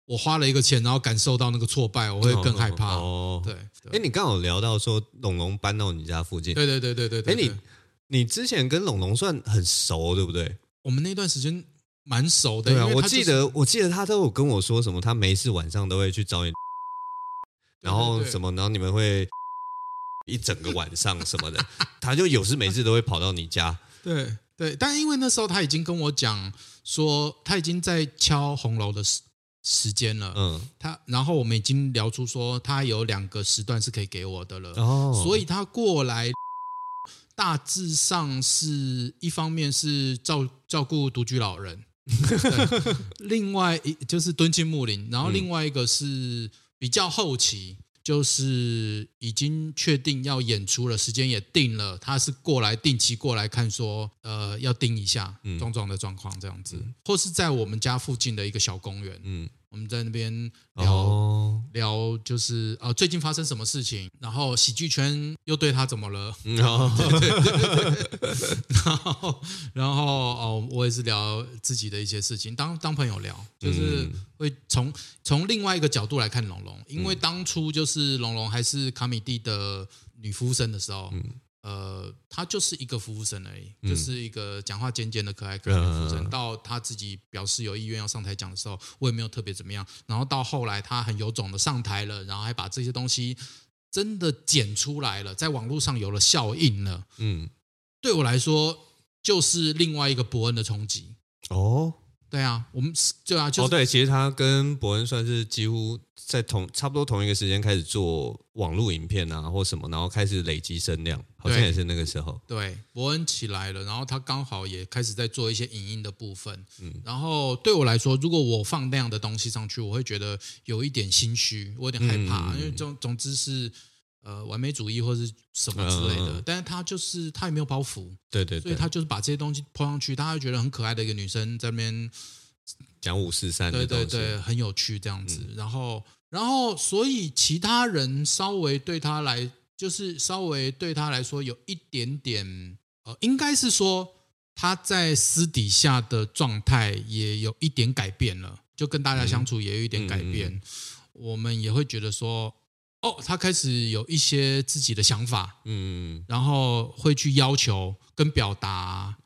B: 我花了一個錢，然後感受到那個挫敗，我會更害怕。哦，龍龍。哦，對。
A: 哎、欸，你剛好聊到說龍龍搬到你家附近，對對對對對對對，欸，對對對對對，欸。哎，你你之前跟龍龍算很熟，哦，對不對？
B: 我們那段時間。蠻熟的，對、啊就是，我記得
A: 我記得他都有跟我說什麼，他沒事晚上都會去找你 XX, 對對
B: 對，然後什
A: 麼，然後你們會、XX、一整個晚上什麼的， [LAUGHS] 他就有事沒事都會跑到你家，
B: 對對，但因為那時候他已經跟我講說他已經在敲紅樓的時時間了，嗯，他然後我們已經聊出說他有兩個時段是可以給我的了，哦，所以他過來、XX、大致上是一方面是照照顧獨居老人。 [LAUGHS] 另外一就是敦親睦鄰，然後另外一個是比較後期，嗯、就是已經確定要演出了，時間也定了，他是過來定期過來看說，說呃要盯一下壯壯、嗯、的狀況這樣子、嗯，或是在我們家附近的一個小公園，嗯。我們在那邊聊，oh. 聊，就是啊，最近發生什麼事情？然後喜劇圈又對他怎麼了？No. 然後， [LAUGHS] 然後，然後哦，我也是聊自己的一些事情，當當朋友聊，就是會從、嗯、從另外一個角度來看龍龍，因為當初就是龍龍還是卡米蒂的女服務生的時候。嗯呃，他就是一個服務生而已，嗯，就是一個講話尖尖的可愛可愛的服務生，嗯。到他自己表示有意願要上台講的時候，我也沒有特別怎麼樣。然後到後來他很有種的上台了，然後還把這些東西真的剪出來了，在網絡上有了效應了。嗯，對我來說就是另外一個博恩的衝擊哦。對啊，我們對啊，就是、哦對，其實他跟
A: 博恩算是幾乎在同差不多同一個時間開始做網絡影片啊，或
B: 什麼，然後開始累積聲量，好像也是那個時候。對，博恩起來了，然後他剛好也開始在做一些影音的部分。嗯，然後對我來說，如果我放那樣的東西上去，我會覺得有一點心虛，我有點害怕，嗯、因為總總之是。呃，完美主義或是什麼之類的，呃、但是他就是他也沒有包袱，對，對對，所以他就是把這些東西拋上去，他會覺得很可愛的一個女生在那邊講五四三的，對對對，很有趣這樣子。嗯、然後，然後，所以其他人稍微對他來，就是稍微對他來說有一點點，呃，應該是說他在私底下的狀態也有一點改變了，就跟大家相處也有一點改變，嗯、我們也會覺得說。哦、oh,，他開始有一些自己的想法，嗯，然後會去要求跟表達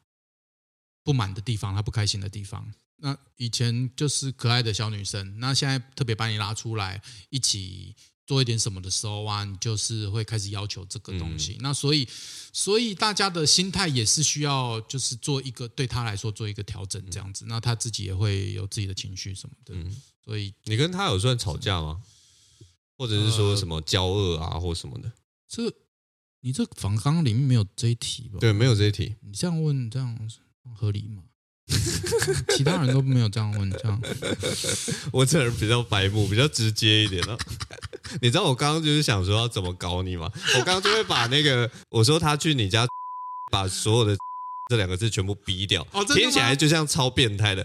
B: 不滿的地方，他不開心的地方。那以前就是可愛的小女生，那現在特別把你拉出來一起做一點什麼的時候啊，你就是會開始要求這個東西，嗯。那所以，所以大家的心態也是需要，就是做一個對他來說做一個調整這樣子，嗯。那他自己也會有自己的情緒什麼的。嗯、所
A: 以，你跟他有算吵架嗎？或者是說什麼交惡啊，呃，或什麼的。
B: 這，你這訪綱裡面沒有這一題吧？對，沒有這一題。你這樣問這樣合理嗎？ [LAUGHS] 其他人都沒有這樣問，這樣。 [LAUGHS] 我
A: 這人比較白目，比較直接一點的、啊。 [LAUGHS] 你知道我剛剛就是想說要怎麼搞你嗎？我剛剛就會把那個 [LAUGHS] 我說他去你家，把所有的。這兩個字全部逼掉，哦、聽起來就像超變態的。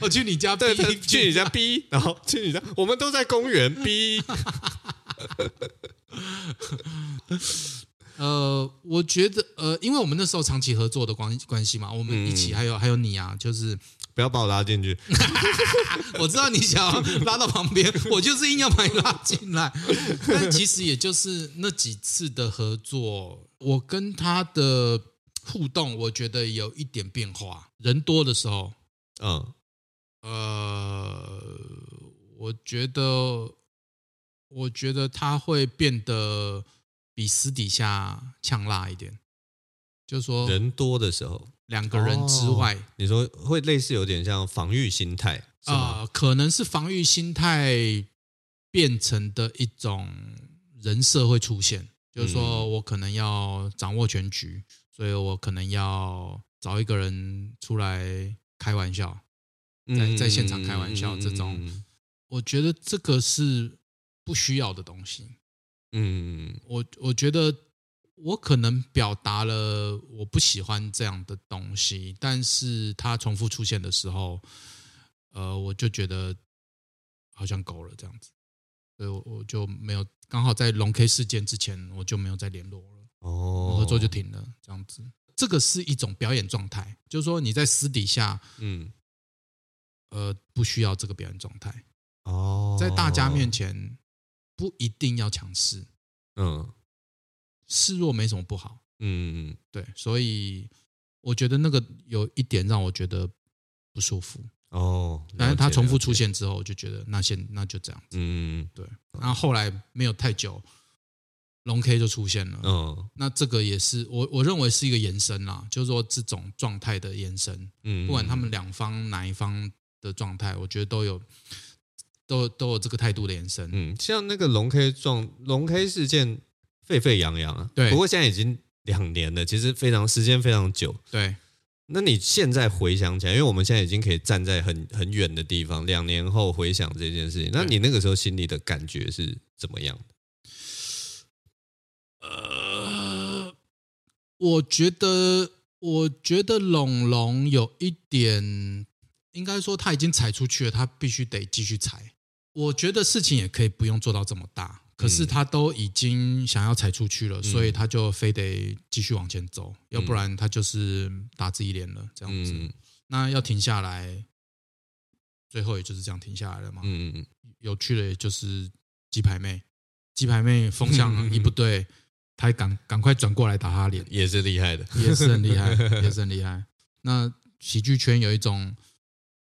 A: 我 [LAUGHS]
B: 去你家，對，去你家逼，然後去你家， [LAUGHS] 我們都在公園逼， [LAUGHS] 呃，我覺得，呃，因為我們那時候長期合作的關關係嘛，我們一起，嗯、還有還有你啊，就是不要把我拉進去。 [LAUGHS] 我知道你想要拉到旁邊， [LAUGHS] 我就是硬要把你拉進來。但其實也就是那幾次的合作，我跟他的。互動，我覺得有一點變化。人多的時候，嗯，呃，我覺得，我覺得他會變得比私底下嗆辣一點。就是說，人多的時候，兩個人之外，你說會類似有點像防禦心態，啊，可能是防禦心態變成的一種人設會出現。就是說我可能要掌握全局。所以我可能要找一個人出來開玩笑，在在現場開玩笑這種，嗯嗯嗯嗯，我覺得這個是不需要的東西。嗯，嗯，我我覺得我可能表達了我不喜歡這樣的東西，但是它重複出現的時候，呃，我就覺得好像夠了這樣子，所以我我就沒有剛好在龍 K 事件之前，我就沒有再聯絡了。哦、oh.，合作就停了，這樣子。這個是一種表演狀態，就是說你在私底下，嗯，呃，不需要這個表演狀態。
C: 哦、oh.，在大家面
B: 前不一定要強勢，嗯、uh.，示弱沒什麼不好。嗯，對。所以我覺得那個有一點讓我覺得不舒服。哦、oh,，但是他重複出現之後，我就覺得那先那就這樣子。嗯，對。然後後來沒有太久。龍 K 就出現了，嗯、哦，那這個也是我我認為是一個延伸啦，就是說這種狀態的延伸，嗯，不管他們兩方哪一方的狀態，我覺得都有，都都有這個態度的延伸，嗯，像那個龍 K 狀龍 K 事件
A: 沸沸揚揚，啊，對，不過現在已經兩年了，其實非常時間非常久，對，那你現在回想起來，因為我們現在已經可以站在很很遠的地方，兩年後回想這件事情，那你那個時候心裡的感覺是怎麼樣？
B: 呃、uh，我覺得，我覺得龍龍有一點，應該說他已經踩出去了，他必須得繼續踩。我覺得事情也可以不用做到這麼大，可是他都已經想要踩出去了，嗯、所以他就非得繼續往前走，嗯、要不然他就是打自己臉了。這樣子、嗯，那要停下來，最後也就是這樣停下來了嘛。嗯嗯嗯。有趣的，就是雞排妹，雞排妹風向、啊嗯、一不對。還趕趕快轉過來打他臉，也是厲害的，也是很厲害，也 [LAUGHS] 是、yes, 很厲害。那喜劇圈有一種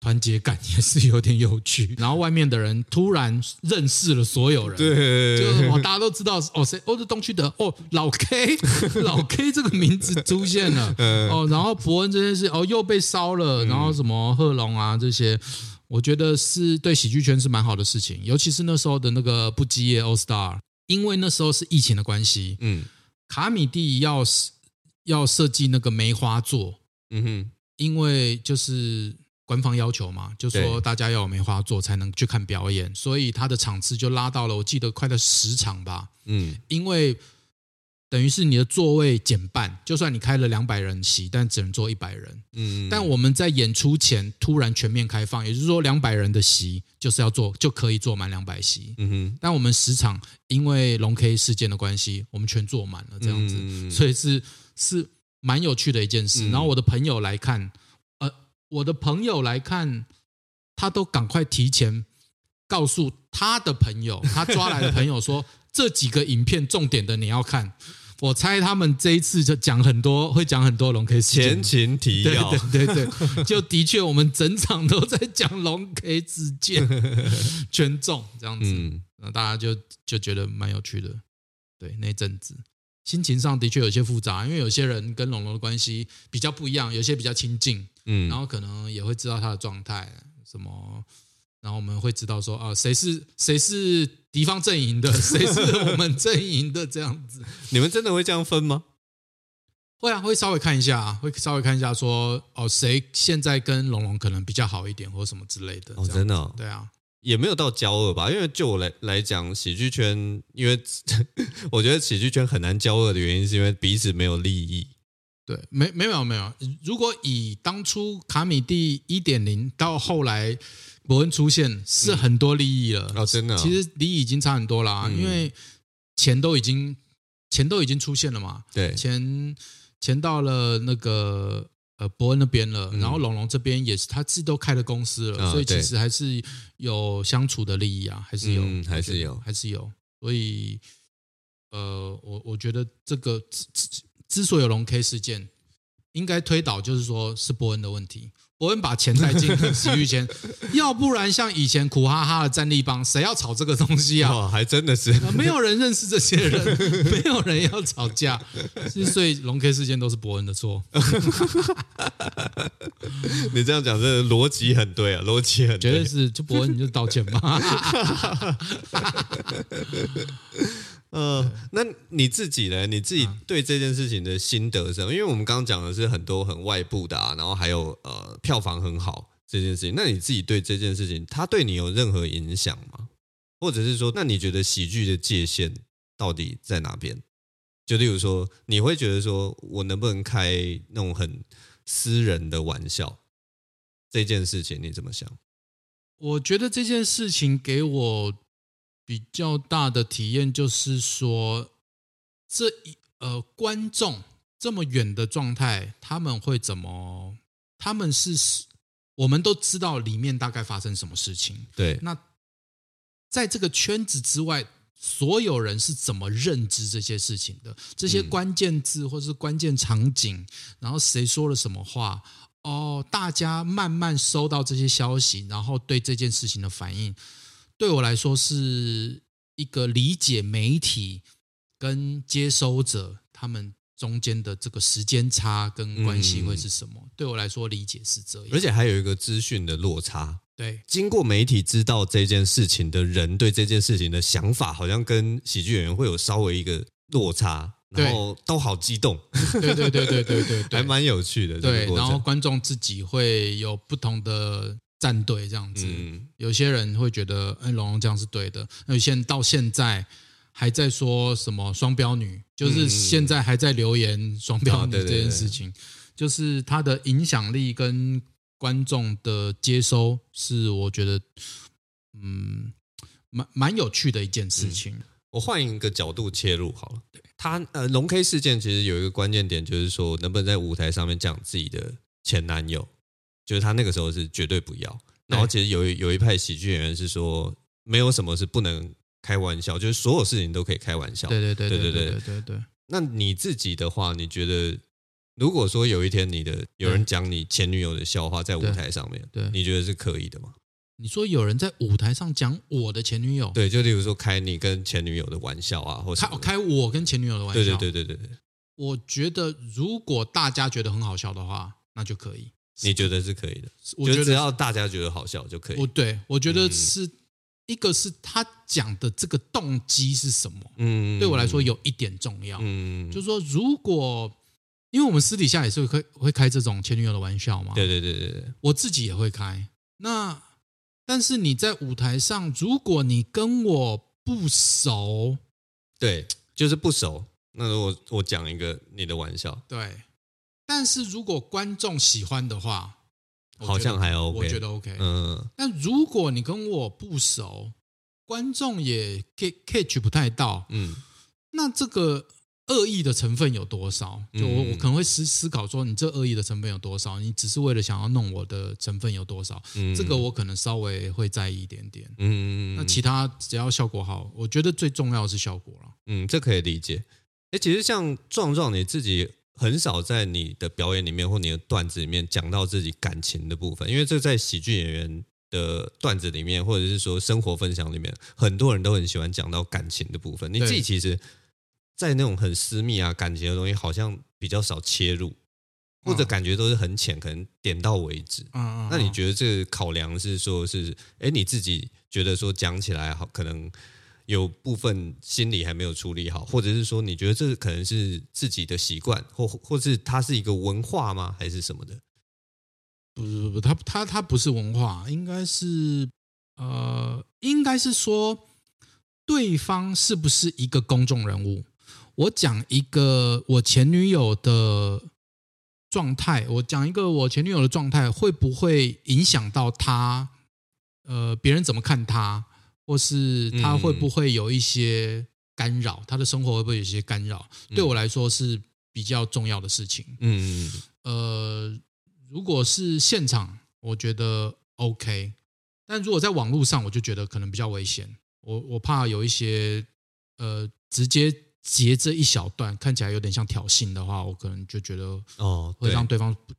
B: 團結感，也是有點有趣。 [LAUGHS] 然後外面的人突然認識了所有人， [LAUGHS] 對，就大家都知道是哦，誰？哦，是東區的哦，老 K，老 K 這個名字出現了，哦，然後博恩這件事，哦，又被燒了，然後什麼賀瓏啊這些，我覺得是對喜劇圈是蠻好的事情，尤其是那時候的那個不羈夜 All Star。因為那時候是疫情的關係，嗯，卡米地要是要設計那個梅花座，嗯哼，因為就是官方要求嘛，就說大家要有梅花座才能去看表演，所以他的場次就拉到了，我記得快到十場吧，嗯，因為。等於是你的座位減半，就算你開了兩百人席，但只能坐一百人。嗯，但我們在演出前突然全面開放，也就是說兩百人的席就是要坐，就可以坐滿兩百席。嗯哼，但我們十場因為龍 K 事件的關係，我們全坐滿了這樣子，嗯、所以是是蠻有趣的一件事、嗯。然後我的朋友來看，呃，我的朋友來看，他都趕快提前告訴他的朋友，他抓來的朋友說 [LAUGHS] 這幾個影片重點的你要看。我猜他們這一次就講很多，會講很多龍 K 事件。前情提要，對對，對，對 [LAUGHS] 就的確我們整場都在講龍 K 事件，全中這樣子，那、嗯、大家就就覺得蠻有趣的。對，那陣子心情上的確有些複雜，因為有些人跟龍龍的關係比較不一樣，有些比較親近，嗯，然後可能也會知道他的狀態，什麼，然後我們會知道說啊，誰是誰是。敵方陣營的，誰是我們陣營的？這樣子， [LAUGHS] 你們真的會這樣分嗎？會啊，會稍微看一下，會稍微看一下說，說哦，誰現在跟龍龍可能比較好一點，或什麼之類的。哦，真的、哦，對啊，
A: 也沒有到交惡吧？因為就我來來講，喜劇圈，因為 [LAUGHS] 我覺得喜劇圈很難交惡的原因，是因為彼此沒有利益。對，
B: 沒，沒有，沒有。如果以當初卡米地一點零到後來。博恩出現是很多利益了，嗯、哦，真的、哦，其實利益已經差很多啦、嗯，因為錢都已經錢都已經出現了嘛，對，錢錢到了那個呃博恩那邊了、嗯，然後龍龍這邊也是他自己都開了公司了、哦，所以其實還是有相處的利益啊，還是有，嗯、還是有，還是有，所以呃，我我覺得這個之之所以有龍 K 事件，應該推導就是說是博恩的問題。伯恩把錢帶進洗浴錢， [LAUGHS] 要不然像以前苦哈哈的戰力幫，誰要炒這個東西啊？哦，還真的是。啊，沒有人認識這些人，沒有人要吵架，是是，所以龍 K 事件都是伯恩的錯。
A: [LAUGHS] 你這樣講，這邏輯很對啊，邏輯很對，絕對是，就伯恩你就道歉吧。 [LAUGHS] [LAUGHS] 呃，那你自己呢？你自己對這件事情的心得是什麼？因為我們剛剛講的是很多很外部的啊，然後還有呃票房很好這件事情。那你自己對這件事情，它對你有任何影響嗎？或者是說，那你覺得喜劇的界限到底在哪邊？就例如說，你會覺得說我能不能開那種很私人的玩笑？這件事情你怎麼想？
B: 我覺得這件事情給我。比較大的體驗就是說，這一呃，觀眾這麼遠的狀態，他們會怎麼？他們是，我們都知道裡面大概發生什麼事情。對，那在這個圈子之外，所有人是怎麼認知這些事情的？這些關鍵字或是關鍵場景，嗯、然後誰說了什麼話？哦，大家慢慢收到這些消息，然後對這件事情的反應。對我來說，是一個理解媒體跟接收者他們中間的這個時間差跟關係會是什麼？嗯，對我來說，理解是這樣。而且還有一個資訊的落差。對，經過媒體知道這
A: 件事情的人，對這件事情的想法，好像跟喜劇演員會有稍微一個落差，然後都好激動。對對對對對對，還蠻有趣的，對，這個過程。對，然後
B: 觀眾自己會有不同的。站隊這樣子，嗯，有些人會覺得，嗯，龍龍這樣是對的，那有些人到現在還在說什麼“雙標女”，就是現在還在留言“雙標女”這件事情，嗯，就是他的影響力跟觀眾的接收，是我覺得，嗯，蠻蠻有趣的一件事情，嗯。
A: 我換一個角度切入好了，對，他呃，龍 K 事件其實有一個關鍵點，就是說能不能在舞台上面講自己的前男友。就是他那個時候是絕對不要，然後其實有一有一派喜劇演員是說沒有什麼是不能開玩笑，就是所有事情都可以開玩笑。對對對對對對對,對,對,對,對,對,對。那你自己的話，你覺得如果說有一天你的有人講你前女友的笑話在舞台上面對對，對，你覺得是可以的嗎？
B: 你說有人在舞台上講我的前女友，
A: 對，就例如說開你跟前女友的玩笑啊，或者開,
B: 開我跟前女
A: 友的玩笑。對,對對對
B: 對對對。我覺得如果大家覺得很好笑的話，那就可以。你覺得
A: 是可以的，我覺得只要大家覺得好笑就可以。哦，對，
B: 我覺得是、嗯、一個是他講的這個動機是什麼，嗯，對我來說有一點重要，嗯，就是說，如果因為我們私底下也是會會開這種前女友的玩笑嘛，對對對對對，我自己也會開。那但是你在舞台上，如果你跟我不熟，對，就是不熟，
A: 那我我講一個你的玩笑，對。
B: 但是，如果觀眾喜歡的話，
A: 好像還 OK。我覺得
B: OK。嗯，但如果你跟我不熟，觀眾也 catch 不太到。嗯，那這個惡意的成分有多少？嗯、就我我可能會思思考說，你這惡意的成分有多少？你只是為了想要弄我的成分有多少？嗯，這個我可能稍微會在意一點點。嗯，那其他只要效果好，我覺得最重要的是效果了。
A: 嗯，這可以理解。哎，其實像壯壯你自己。很少在你的表演裡面或你的段子裡面講到自己感情的部分，因為這在喜劇演員的段子裡面或者是說生活分享裡面，很多人都很喜歡講到感情的部分。你自己其實，在那種很私密啊感情的東西，好像比較少切入，或者感覺都是很淺，可能點到為止。那你覺得這個考量是說是，是、欸、誒，你自己覺得說講起來好可能？有部分心理還沒有處理好，或者是說，你覺得這可能是自己的習慣，或或是它是一個文化嗎？還是什麼的？
B: 不是，不是，他他他不是文化，應該是呃，應該是說對方是不是一個公眾人物？我講一個我前女友的狀態，我講一個我前女友的狀態，會不會影響到她？呃，別人怎麼看她？或是他會不會有一些干擾？他的生活會不會有一些干擾？對我來說是比較重要的事情。嗯，呃，如果是現場，我覺得 OK，但如果在網絡上，我就覺得可能比較危險。我我怕有一些呃，直接截這一小段，看起來有點像挑釁的話，我可能就覺得哦，會讓對方不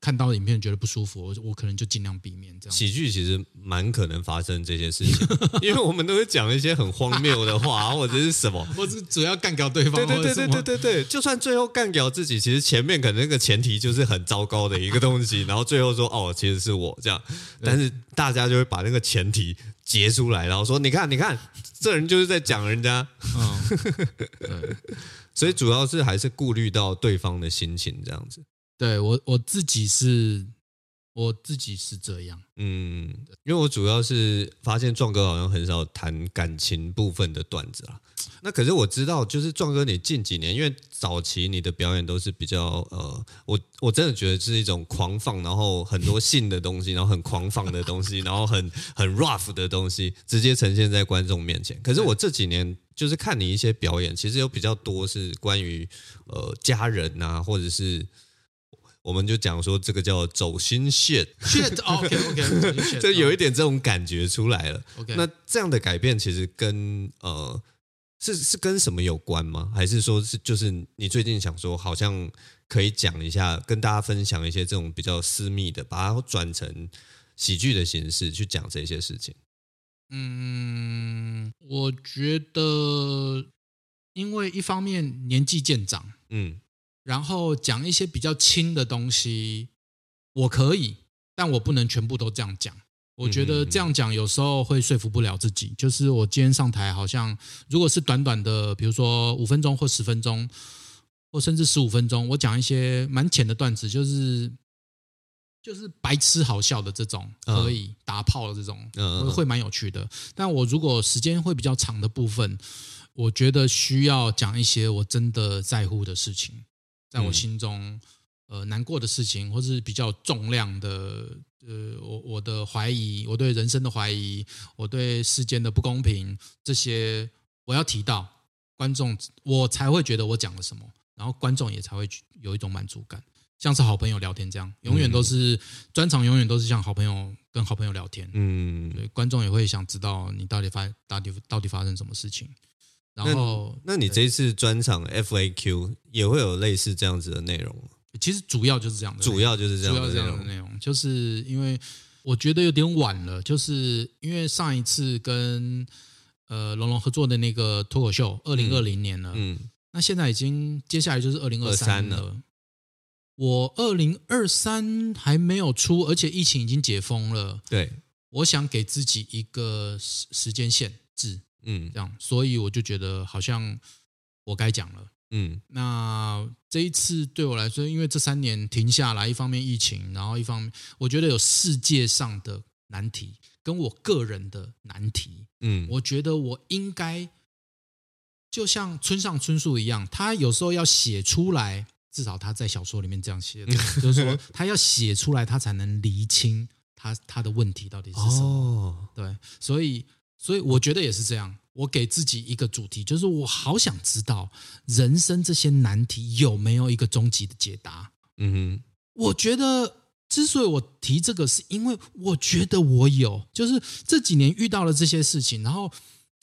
B: 看到的影片覺得不舒服，我可能就儘量避免
A: 這樣。喜劇其實蠻可能發生這些事情，因為我們都會講一些很荒謬的話，或者是什麼，
B: [LAUGHS] 或是主要幹掉對方，對對對對，對對對
A: 對對對對。就算最後幹掉自己，其實前面可能那個前提就是很糟糕的一個東西， [LAUGHS] 然後最後說哦，其實是我這樣。但是大家就會把那個前提截出來，然後說你看你看，這人就是在講人家。哦， [LAUGHS] 所以主要是還是顧慮到對方的心情這樣子。
B: 對我我自己是，我自己是這樣，嗯，因為我主要是發現壯
A: 哥好像很少談感情部分的段子啦。那可是我知道，就是壯哥你近幾年，因為早期你的表演都是比較呃，我我真的覺得是一種狂放，然後很多性的東西，然後很狂放的東西，然後很很 rough 的東西，直接呈現在觀眾面前。可是我這幾年就是看你一些表演，其實有比較多是關於呃，家人吶、啊，或者是。我們就講說這個叫走心 Shit.
C: Shit, OK, OK, okay [LAUGHS] 就
A: 有一點這種感覺出來了。OK，那這樣的改變其實跟呃是是跟什麼有關嗎？還是說是就是你最近想說，好像可以講一下，跟大家分享一些這種比較私密的，把它轉成喜劇的形式去講這些事情。
B: 嗯，我覺得因為一方面年紀漸長，嗯。然後講一些比較輕的東西，我可以，但我不能全部都這樣講。我覺得這樣講有時候會說服不了自己。就是我今天上台，好像如果是短短的，比如說五分鐘或十分鐘，或甚至十五分鐘，我講一些蠻淺的段子，就是就是白痴好笑的這種，可以打炮的這種，uh, 會蠻有趣的。但我如果時間會比較長的部分，我覺得需要講一些我真的在乎的事情。在我心中，呃，難過的事情，或是比較重量的，呃，我我的懷疑，我對人生的懷疑，我對世間的不公平，這些我要提到觀眾，我才會覺得我講了什麼，然後觀眾也才會有一種滿足感，像是好朋友聊天這樣，永遠都是專場，永遠都是像好朋友跟好朋友聊天，嗯，觀眾也會想知道你到底發到底到底發生什麼事情。然後，那，那你這
A: 次專場 FAQ 也會有類似這樣子的內容嗎？其實主要就是這樣的內容，主要就是這樣的內容。主要是這樣的內容，
B: 就是因為我覺得有點晚了，就是因為上一次跟呃龍龍合作的那個脫口秀，二零二零年了，嗯，嗯，那現在已經接下來就是二零二三了。我二零二三還沒有出，而且疫情已經解封了。對，我想給自己一個時時間限制。嗯，這樣，所以我就覺得好像我該講了。嗯，那這一次對我來說，因為這三年停下來，一方面疫情，然後一方面我覺得有世界上的難題，跟我個人的難題。嗯，我覺得我應該就像村上春樹一樣，他有時候要寫出來，至少他在小說裡面這樣寫的，就是說他要寫出來，他才能釐清他他的問題到底是什麼。哦。對，所以。所以我覺得也是這樣，我給自己一個主題，就是我好想知道人生這些難題有沒有一個終極的解答。嗯哼，我覺得之所以我提這個，是因為我覺得我有，就是這幾年遇到了這些事情，然後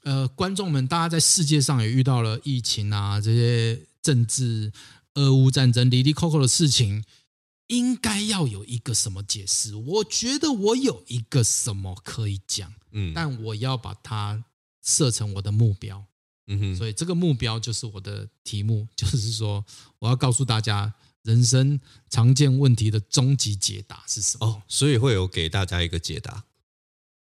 B: 呃，觀眾們大家在世界上也遇到了疫情啊，這些政治、俄烏戰爭、哩哩摳摳的事情。應該要有一個什麼解釋？我覺得我有一個什麼可以講，嗯，但我要把它設成我的目標，嗯哼，所以這個目標就是我的題目，就是說我要告訴大家人生常見問題的終極解答是什
A: 麼？哦，所以會有給大家一個解答。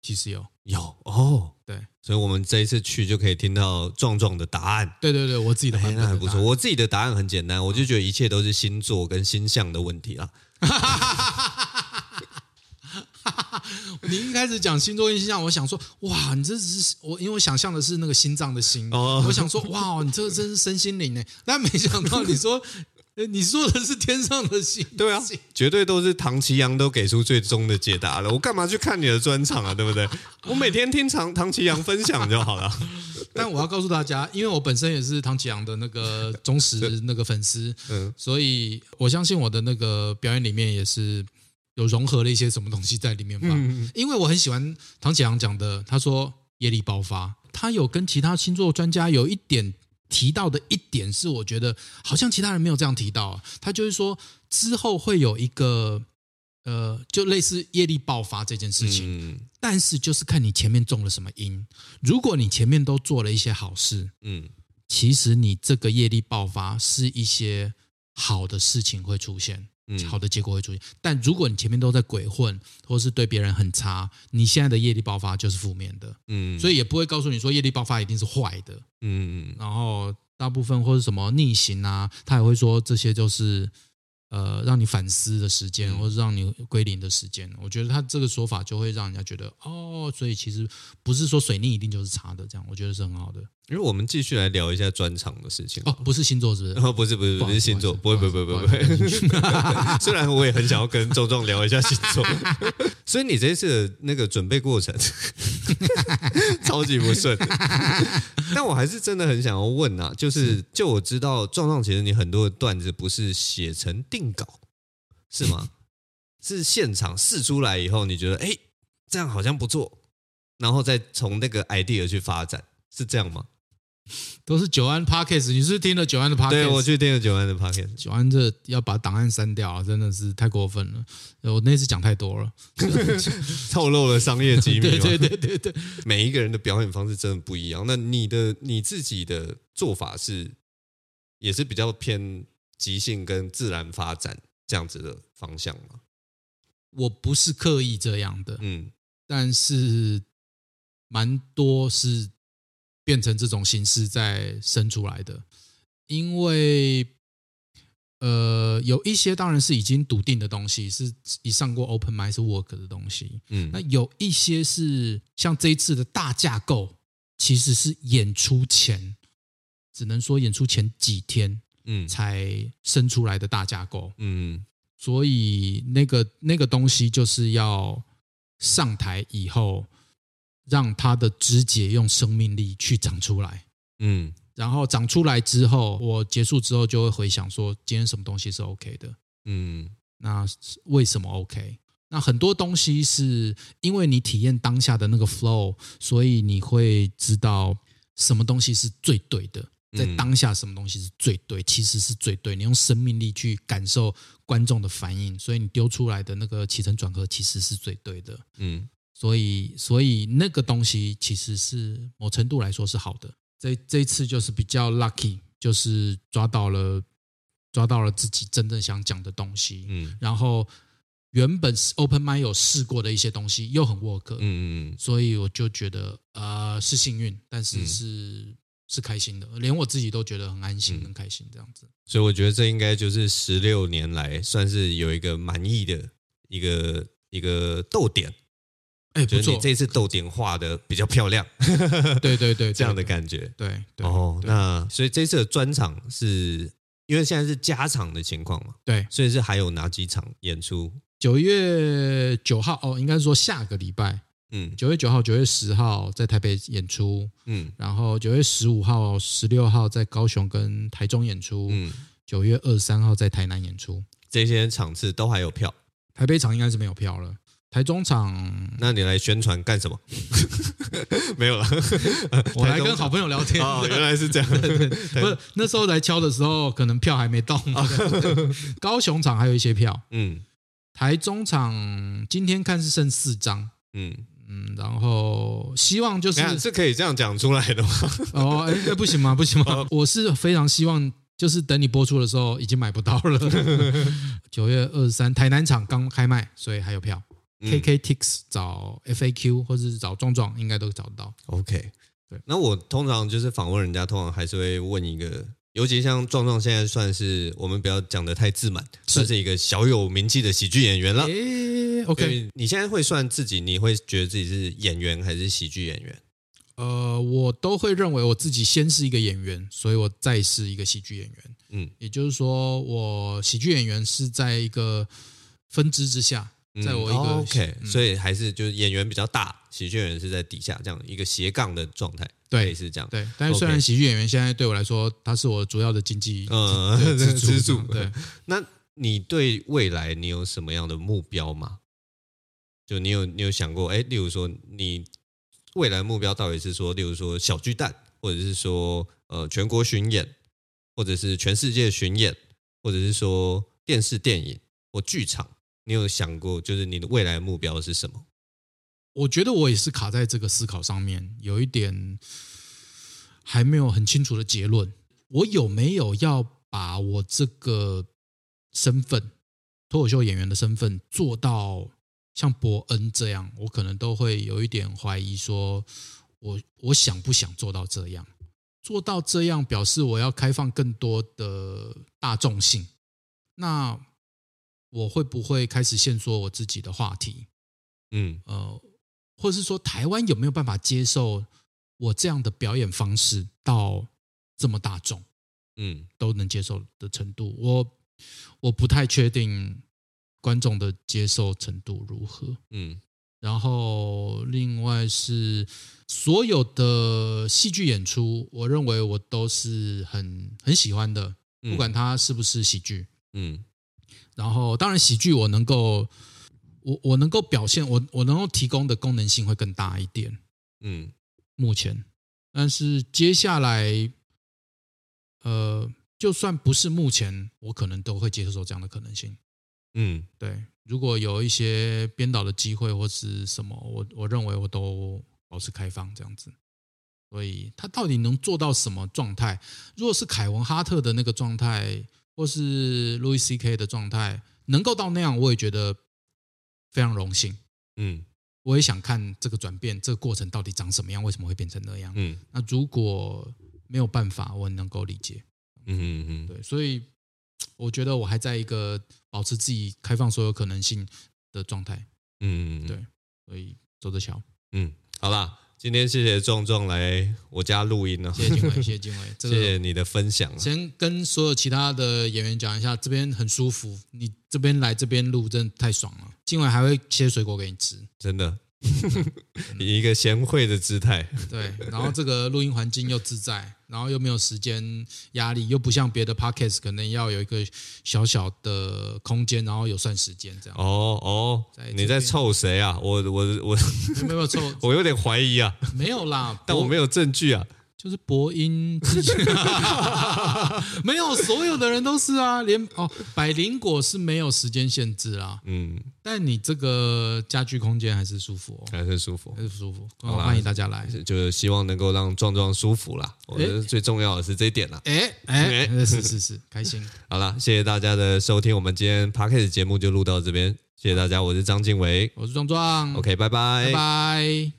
A: 其實有
B: 有哦，對，
A: 所以，我們這一次去就可以聽到壯壯的答案。對對對，我自己的，的答案很，哎，那不錯。我自己的答案很簡單，我就覺得一切都是星座跟星象的問題了。
B: [LAUGHS] [LAUGHS] 你一開始講星座跟星象，我想說，哇，你這是我，因為我想象的是那個心臟的心，哦，我想說，哇，你這真是身心靈誒。但沒想到你說。 [LAUGHS] 你說的是天上的星、星？對啊，
A: 絕對都是唐綺陽都給出最終的解答了。 [LAUGHS] 我幹嘛去看你的專場啊？對不對？
B: 我每天聽唐
A: 唐綺陽分享就好了 [LAUGHS] 。
B: 但我要告訴大家，因為我本身也是唐綺陽的那個忠實那個粉絲，嗯，所以我相信我的那個表演裡面也是有融合了一些什麼東西在裡面吧。嗯嗯，因為我很喜歡唐綺陽講的，他說“業力爆發”，他有跟其他星座專家有一點。提到的一點是，我覺得好像其他人沒有這樣提到啊。他就是說，之後會有一個呃，就類似業力爆發這件事情。嗯，但是就是看你前面種了什麼因。如果你前面都做了一些好事，嗯，其實你這個業力爆發是一些好的事情會出現。嗯、好的結果會出現，但如果你前面都在鬼混，或是對別人很差，你現在的業力爆發就是負面的，嗯，所以也不會告訴你說業力爆發一定是壞的，嗯，然後大部分或是什麼逆行啊，他也會說這些就是。呃，讓你反思的時間，或者讓你歸零的時間，我覺得他這個說法就會讓人家覺得哦，所以其實不是說水逆一定就是差的，這樣我覺得是很好的。
A: 因為我們繼續來聊一下專場的事情哦，不是
B: 星座是不是？哦，不是不是不是，不是
A: 星座不，不會不會不會不會。不不 [LAUGHS] 雖然我也很想要跟壯壯聊一下星座， [LAUGHS] 所以你這一次的那個準備過程。 [LAUGHS] 超級不順，但我還是真的很想要問啊，就是就我知道壯壯，其實你很多的段子不是寫成定稿是嗎？是現場試出來以後，你覺得哎、欸、這樣好像不錯，然後再從那個 idea 去發展，是這樣嗎？.
B: 都是九安 Podcast，你是，不是聽了九安的 Podcast？對，我去聽了九安的 Podcast。九安這要把檔案刪掉，真的是太過分了。我那次講太多了， [LAUGHS] 透露了商業機密。對，對對對對，每
A: 一個人的表演方式真的不一樣。那你的你自己的做法是，也是比較偏即興跟自然發展這樣子的方向嗎？
B: 我不是刻意這樣的，嗯，但是蠻多是。變成這種形式再生出來的，因為呃，有一些當然是已經篤定的東西，是已上過 Open Mic Work 的東西，嗯，那有一些是像這一次的大架構，其實是演出前，只能說演出前幾天，嗯，才生出來的大架構，嗯，所以那個那個東西就是要上台以後。讓它的肢節用生命力去長出來，嗯，然後長出來之後，我結束之後就會回想說，今天什麼東西是 OK 的，嗯，那為什麼 OK？那很多東西是因為你體驗當下的那個 flow，所以你會知道什麼東西是最對的，在當下什麼東西是最對，其實是最對。你用生命力去感受觀眾的反應，所以你丟出來的那個起承轉合其實是最對的，嗯。所以，所以那個東西其實是某程度來說是好的。這這一次就是比較 lucky，就是抓到了，抓到了自己真正想講的東西。嗯，然後原本 open mind 有試過的一些東西又很 work。嗯。嗯嗯，所以我就覺得，呃，是幸運，但是是、嗯、是開心的，連我自己都覺得很安心、嗯、很開心這樣子。
A: 所以我覺得這應該就是十六年來算是有一個滿意的一個一個逗點。哎、欸，不錯，這次豆點畫得比較漂亮。對對對，這樣的感覺。對，對，哦，那所以這次的專場是因為現在是加場的情況嘛？對，所以是還有哪幾場演出？
B: 九月九號哦，應該是說下個禮拜。嗯，九月九號、九月十號在台北演出。嗯，然後九月十五號、十六號在高雄跟台中演出。嗯，九月二十三號在台南演出。
A: 這些場次都還有票，
B: 台北場應該是沒有票了。台中場，
A: 那你來宣傳幹什麼？ [LAUGHS] 沒有了， [LAUGHS] 我來跟好朋友聊天。哦，原來是這樣， [LAUGHS] 不
B: 是那時候來敲的時候，可能票還沒到。對對哦、高雄場還有一些票，嗯，台中場今天看是剩四張，嗯嗯，然後希望就是
A: 是可以這樣講出來的
B: 嗎？ [LAUGHS] 哦，哎，不行嗎？不行嗎？哦、我是非常希望，就是等你播出的時候已經買不到了、哦。九月二十三，台南場剛開賣，所以還有票。嗯、KKTIX 找 F A Q 或者是找壯壯，應該都找得到。OK，對。
A: 那我通常就是訪問人家，通常還是會問一個，尤其像壯壯現在算是我們不要講的太自滿，算是一個小有名氣的喜劇演員了。欸、OK，你現在會算自己，你會覺得自己是演員還是喜劇演員？
B: 呃，我都會認為我自己先是一個演員，所以我再是一個喜劇演員。嗯，也就是說，我喜劇演員是在一個分支之下。在我一個、嗯、OK，嗯、所以
A: 還是就是演員比較大，喜劇演員是在底下這樣一個斜槓的狀態。對，是這樣。對，但是雖然
B: 喜劇演員現在對我來說，他是我主要的經濟呃、支、嗯、柱。支柱。
A: 對，那你對未來你有什麼樣的目標嗎？就你有你有想過哎，例如說你未來的目標到底是說，例如說小巨蛋，或者是說呃全國巡演，或者是全世界巡演，或者是說電視、電影，或，電視電影或劇場。你有想過，就是你的未來目標是什麼？
B: 我覺得我也是卡在這個思考上面，有一點還沒有很清楚的結論。我有沒有要把我這個身份，脫口秀演員的身份做到像博恩這樣？我可能都會有一點懷疑，說我我想不想做到這樣？做到這樣，表示我要開放更多的大眾性。那。我會不會開始先說我自己的話題？嗯，呃，或者是說台灣有沒有辦法接受我這樣的表演方式到這麼大眾？
C: 嗯，
B: 都能接受的程度，我我不太確定觀眾的接受程度如何。嗯，然後另外是所有的戲劇演出，我認為我都是很很喜歡的，嗯，不管它是不是喜劇。嗯。然後，當然，喜劇我能夠，我我能夠表現，我我能夠提供的功能性會更大一點，
C: 嗯，
B: 目前，但是接下來，呃，就算不是目前，我可能都會接受這樣的可能性，嗯，對，如果有一些編導的機會或是什麼，我我認為我都保持開放這樣子。所以，他到底能做到什麼狀態？如果是凱文·哈特的那個狀態。或是 Louis CK 的狀態能夠到那樣，我也覺得非常榮幸。嗯，我也想看這個轉變，這個過程到底長什麼樣，為什麼會變成那樣。嗯，那如果沒有辦法，我能夠理解。嗯嗯嗯，對，所以我覺得我還在一個保持自己開放所有可能性的狀態。
A: 嗯嗯嗯，對，
B: 所以走着瞧。嗯，
A: 好吧。今天謝謝壯壯來我家錄音了。謝謝，謝謝晉唯，謝謝晉唯，謝謝你的分享。先
B: 跟所有其他的演員講一下，這邊很舒服，你這邊來這邊錄，真的太爽了。今晚還會切水果給你吃，真的。
A: 嗯、以一個賢惠的姿態，
B: 對，然後這個錄音環境又自在，然後又沒有時間壓力，又不像別的 podcast 可能要有一個小小的空間，然後有算時間這樣。
A: 哦哦，你在湊誰啊？我我我沒有湊， [LAUGHS] 我有點懷疑啊，
B: 沒有啦，但我沒有證據啊。就是播音， [LAUGHS] [LAUGHS] 沒有，所有的人都是啊，連哦，百靈果是沒有時間限制啊，嗯，但你這個家居空間還是、哦、還是舒服，還是舒服，還是舒服，歡迎大家來，是
A: 就是希望能夠讓壯壯舒服啦，欸、我覺得最重要的是這一點啦，
B: 哎、欸、哎，欸、 [LAUGHS] 是是是，開心，
A: [LAUGHS] 好啦，謝謝大家的收聽，我們今天 podcast 節目就錄到這邊，謝謝大家，我是章晉唯，我是壯壯，OK，拜拜，拜拜。